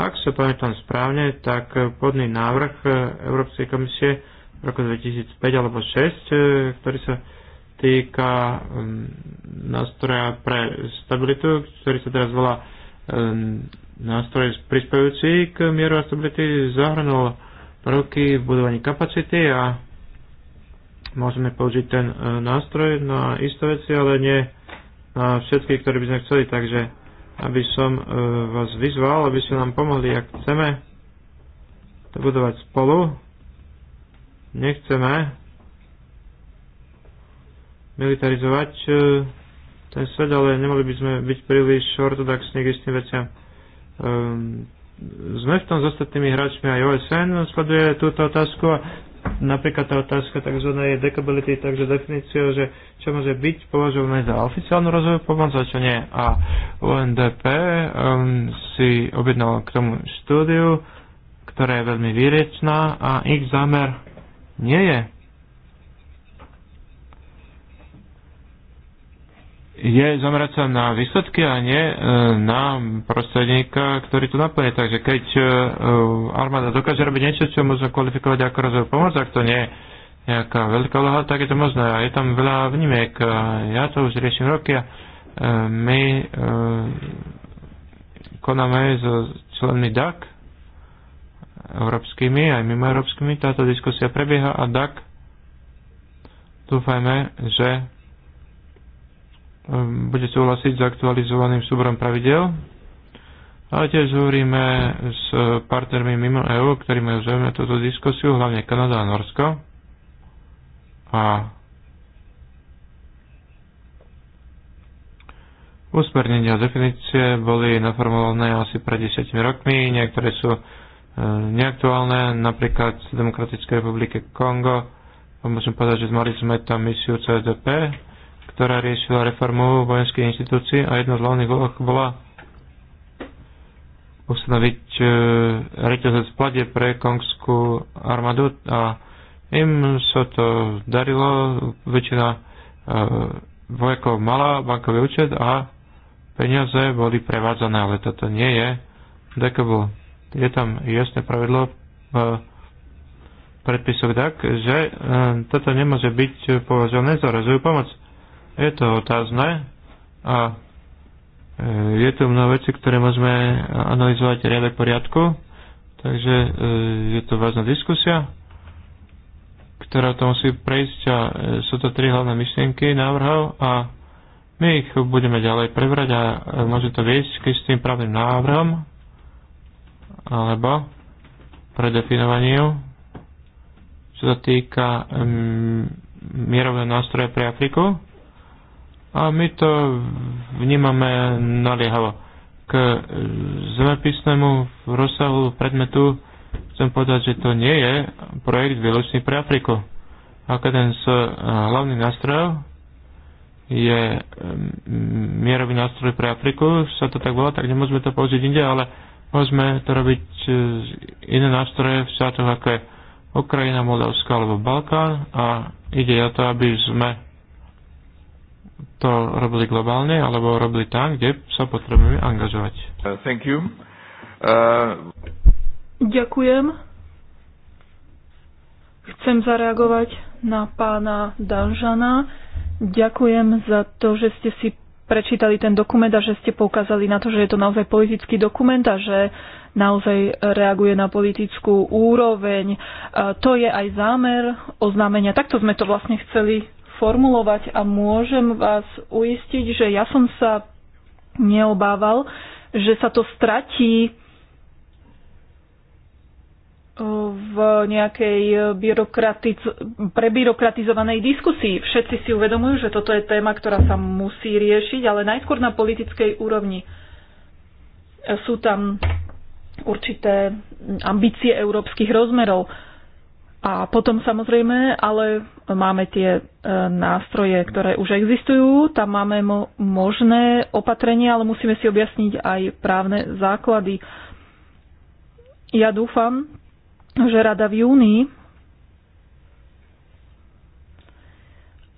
Ak sa pamätám správne, tak podný návrh e, Európskej komisie v roku 2005 alebo 2006, e, ktorý sa týka nástroja pre stabilitu, ktorý sa teraz volá nástroj prispievajúci k mieru a stability, zahrnul prvky v budovaní kapacity a môžeme použiť ten e, nástroj na isté veci, ale nie na všetky, ktoré by sme chceli. Takže aby som e, vás vyzval, aby ste nám pomohli, ak chceme to budovať spolu. Nechceme militarizovať e, ten svet, ale nemali by sme byť príliš ortodoxní k istým veciam. Um, sme v tom s ostatnými hráčmi aj OSN sleduje túto otázku a napríklad tá otázka tzv. dekability, takže definíciou, že čo môže byť považované za oficiálnu rozvoju pomoc a čo nie. A UNDP um, si objednal k tomu štúdiu, ktorá je veľmi výriečná a ich zámer nie je je zamerať sa na výsledky a nie e, na prostredníka, ktorý to naplní. Takže keď e, e, armáda dokáže robiť niečo, čo môžeme kvalifikovať ako rozvoj pomoc, ak to nie je nejaká veľká loha, tak je to možné. A je tam veľa vnímek. Ja to už riešim roky a my konáme so členmi DAC, európskymi aj mimo európskymi. Táto diskusia prebieha a DAC dúfajme, že Ehm, bude súhlasiť s aktualizovaným súborom pravidel. Ale tiež hovoríme s partnermi mimo EÚ, ktorí majú zaujímavé túto diskusiu, hlavne Kanada a Norsko. A usmernenia definície boli naformulované asi pred 10 rokmi, niektoré sú ehm, neaktuálne, napríklad v Demokratickej republike Kongo. Môžem povedať, že mali sme tam misiu CDP, ktorá riešila reformu vojenskej inštitúcie a jedna z hlavných úloh bola ustanoviť e, reťazec plade pre kongskú armádu a im sa to darilo. Väčšina e, vojakov mala bankový účet a peniaze boli prevádzané, ale toto nie je dekable. Je tam jasné pravidlo v e, predpisoch tak, že e, toto nemôže byť považované za rozvojú pomoc. Je to otázne a e, je tu mnoho vecí, ktoré môžeme analyzovať riade poriadku, takže e, je to vážna diskusia, ktorá to musí prejsť a e, sú to tri hlavné myšlienky návrhov a my ich budeme ďalej prebrať a môže to viesť k istým právnym návrhom alebo predefinovaniu, čo sa týka um, mierového nástroja pre Afriku a my to vnímame naliehavo. K zemepisnému rozsahu predmetu chcem povedať, že to nie je projekt výlučný pre Afriku. keď ten z eh, hlavných nástrojov je mm, mierový nástroj pre Afriku, sa to tak volá, tak nemôžeme to použiť inde, ale môžeme to robiť eh, iné nástroje v štátoch, ako je Ukrajina, Moldavská alebo Balkán a ide o to, aby sme to robili globálne alebo robili tam, kde sa potrebujeme angažovať. Uh, thank you. Uh... Ďakujem. Chcem zareagovať na pána Danžana. Ďakujem za to, že ste si prečítali ten dokument a že ste poukázali na to, že je to naozaj politický dokument a že naozaj reaguje na politickú úroveň. Uh, to je aj zámer oznámenia. Takto sme to vlastne chceli formulovať a môžem vás uistiť, že ja som sa neobával, že sa to stratí e, v nejakej byrokratiz- prebyrokratizovanej diskusii. Všetci si uvedomujú, že toto je téma, ktorá sa musí riešiť, ale najskôr na politickej úrovni. E, sú tam určité ambície európskych rozmerov. A potom samozrejme, ale máme tie e, nástroje, ktoré už existujú, tam máme možné opatrenia, ale musíme si objasniť aj právne základy. Ja dúfam, že rada v júni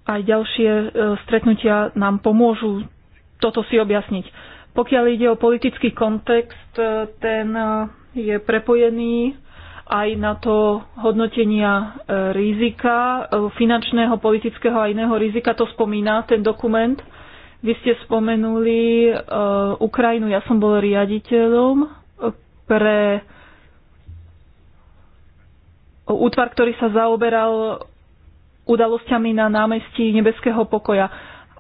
aj ďalšie e, stretnutia nám pomôžu toto si objasniť. Pokiaľ ide o politický kontext, e, ten je prepojený aj na to hodnotenia e, rizika, e, finančného, politického a iného rizika. To spomína ten dokument. Vy ste spomenuli e, Ukrajinu. Ja som bol riaditeľom pre útvar, ktorý sa zaoberal udalosťami na námestí Nebeského pokoja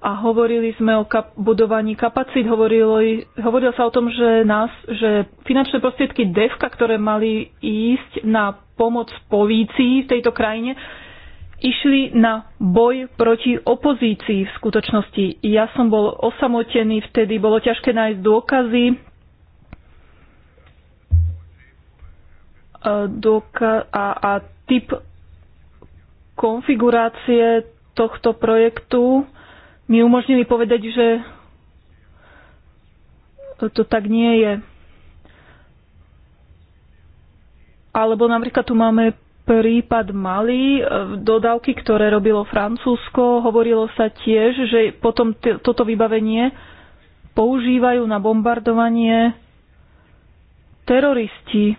a hovorili sme o kap- budovaní kapacít, hovorilo, hovoril sa o tom, že, nás, že finančné prostriedky DEFKA, ktoré mali ísť na pomoc polícii v tejto krajine, išli na boj proti opozícii v skutočnosti. Ja som bol osamotený, vtedy bolo ťažké nájsť dôkazy, doka- a, a typ konfigurácie tohto projektu mi umožnili povedať, že to tak nie je. Alebo napríklad tu máme prípad Mali, e, dodávky, ktoré robilo Francúzsko, hovorilo sa tiež, že potom toto vybavenie používajú na bombardovanie teroristi.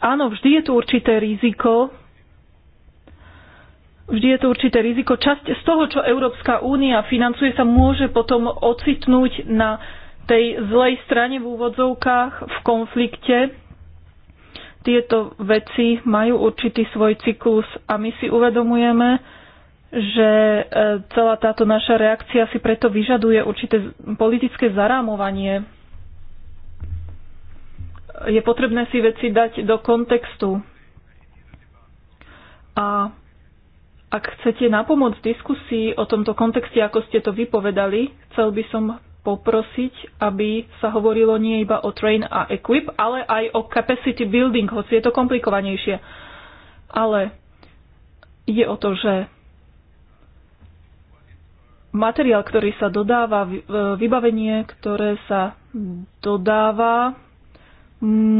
Áno, vždy je tu určité riziko, Vždy je to určité riziko. Časť z toho, čo Európska únia financuje, sa môže potom ocitnúť na tej zlej strane v úvodzovkách, v konflikte. Tieto veci majú určitý svoj cyklus a my si uvedomujeme, že e, celá táto naša reakcia si preto vyžaduje určité politické zarámovanie. Je potrebné si veci dať do kontextu. A ak chcete na pomoc diskusii o tomto kontexte, ako ste to vypovedali, chcel by som poprosiť, aby sa hovorilo nie iba o train a equip, ale aj o capacity building, hoci je to komplikovanejšie. Ale je o to, že materiál, ktorý sa dodáva, e, vybavenie, ktoré sa dodáva,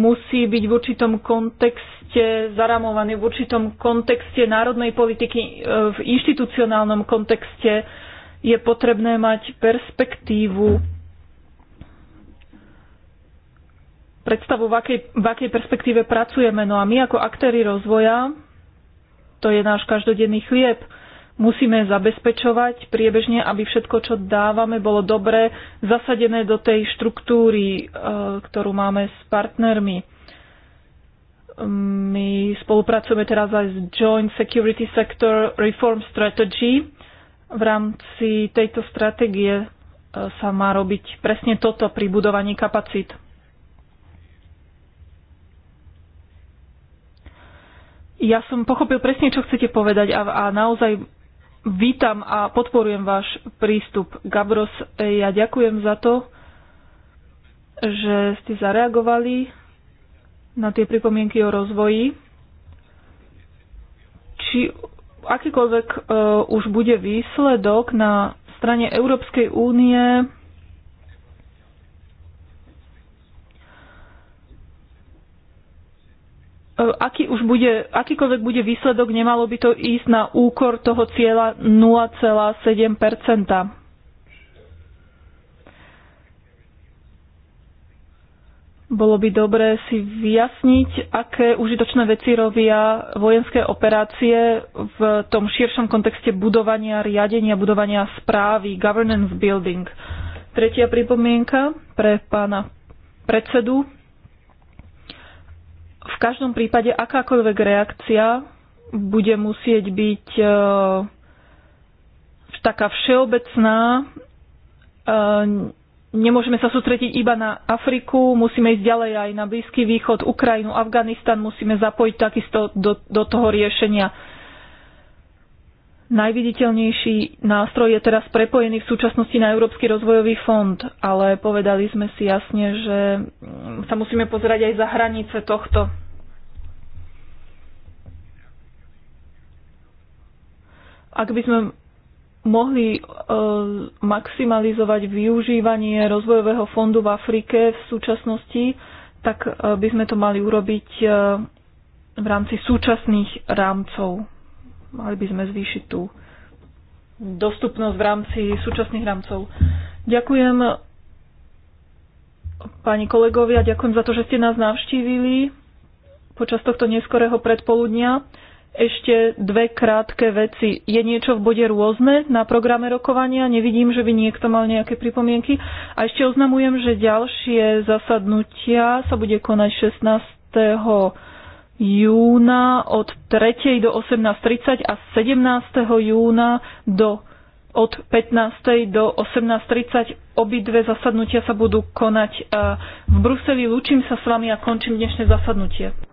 musí byť v určitom kontexte ste zaramovaní v určitom kontexte národnej politiky, e, v inštitucionálnom kontexte. Je potrebné mať perspektívu, predstavu, v akej, v akej perspektíve pracujeme. No a my ako aktéry rozvoja, to je náš každodenný chlieb, musíme zabezpečovať priebežne, aby všetko, čo dávame, bolo dobre zasadené do tej štruktúry, e, ktorú máme s partnermi. My spolupracujeme teraz aj s Joint Security Sector Reform Strategy. V rámci tejto stratégie e, sa má robiť presne toto pri budovaní kapacít. Ja som pochopil presne, čo chcete povedať a, a naozaj vítam a podporujem váš prístup. Gabros, e, ja ďakujem za to, že ste zareagovali na tie pripomienky o rozvoji. Či akýkoľvek e, už bude výsledok na strane Európskej únie, e, aký už bude, akýkoľvek bude výsledok, nemalo by to ísť na úkor toho cieľa 0,7 Bolo by dobré si vyjasniť, aké užitočné veci robia vojenské operácie v tom širšom kontexte budovania, riadenia, budovania správy, governance building. Tretia pripomienka pre pána predsedu. V každom prípade akákoľvek reakcia bude musieť byť e, taká všeobecná, e, nemôžeme sa sústrediť iba na Afriku, musíme ísť ďalej aj na Blízky východ, Ukrajinu, Afganistan, musíme zapojiť takisto do, do toho riešenia. Najviditeľnejší nástroj je teraz prepojený v súčasnosti na Európsky rozvojový fond, ale povedali sme si jasne, že mm, sa musíme pozerať aj za hranice tohto. Ak by sme mohli e, maximalizovať využívanie rozvojového fondu v Afrike v súčasnosti, tak e, by sme to mali urobiť e, v rámci súčasných rámcov. Mali by sme zvýšiť tú dostupnosť v rámci súčasných rámcov. Ďakujem pani kolegovia, ďakujem za to, že ste nás navštívili počas tohto neskorého predpoludnia. Ešte dve krátke veci. Je niečo v bode rôzne na programe rokovania? Nevidím, že by niekto mal nejaké pripomienky. A ešte oznamujem, že ďalšie zasadnutia sa bude konať 16. júna od 3. do 18.30 a 17. júna do od 15. do 18.30. Obidve zasadnutia sa budú konať eh, v Bruseli. Lúčim sa s vami a končím dnešné zasadnutie.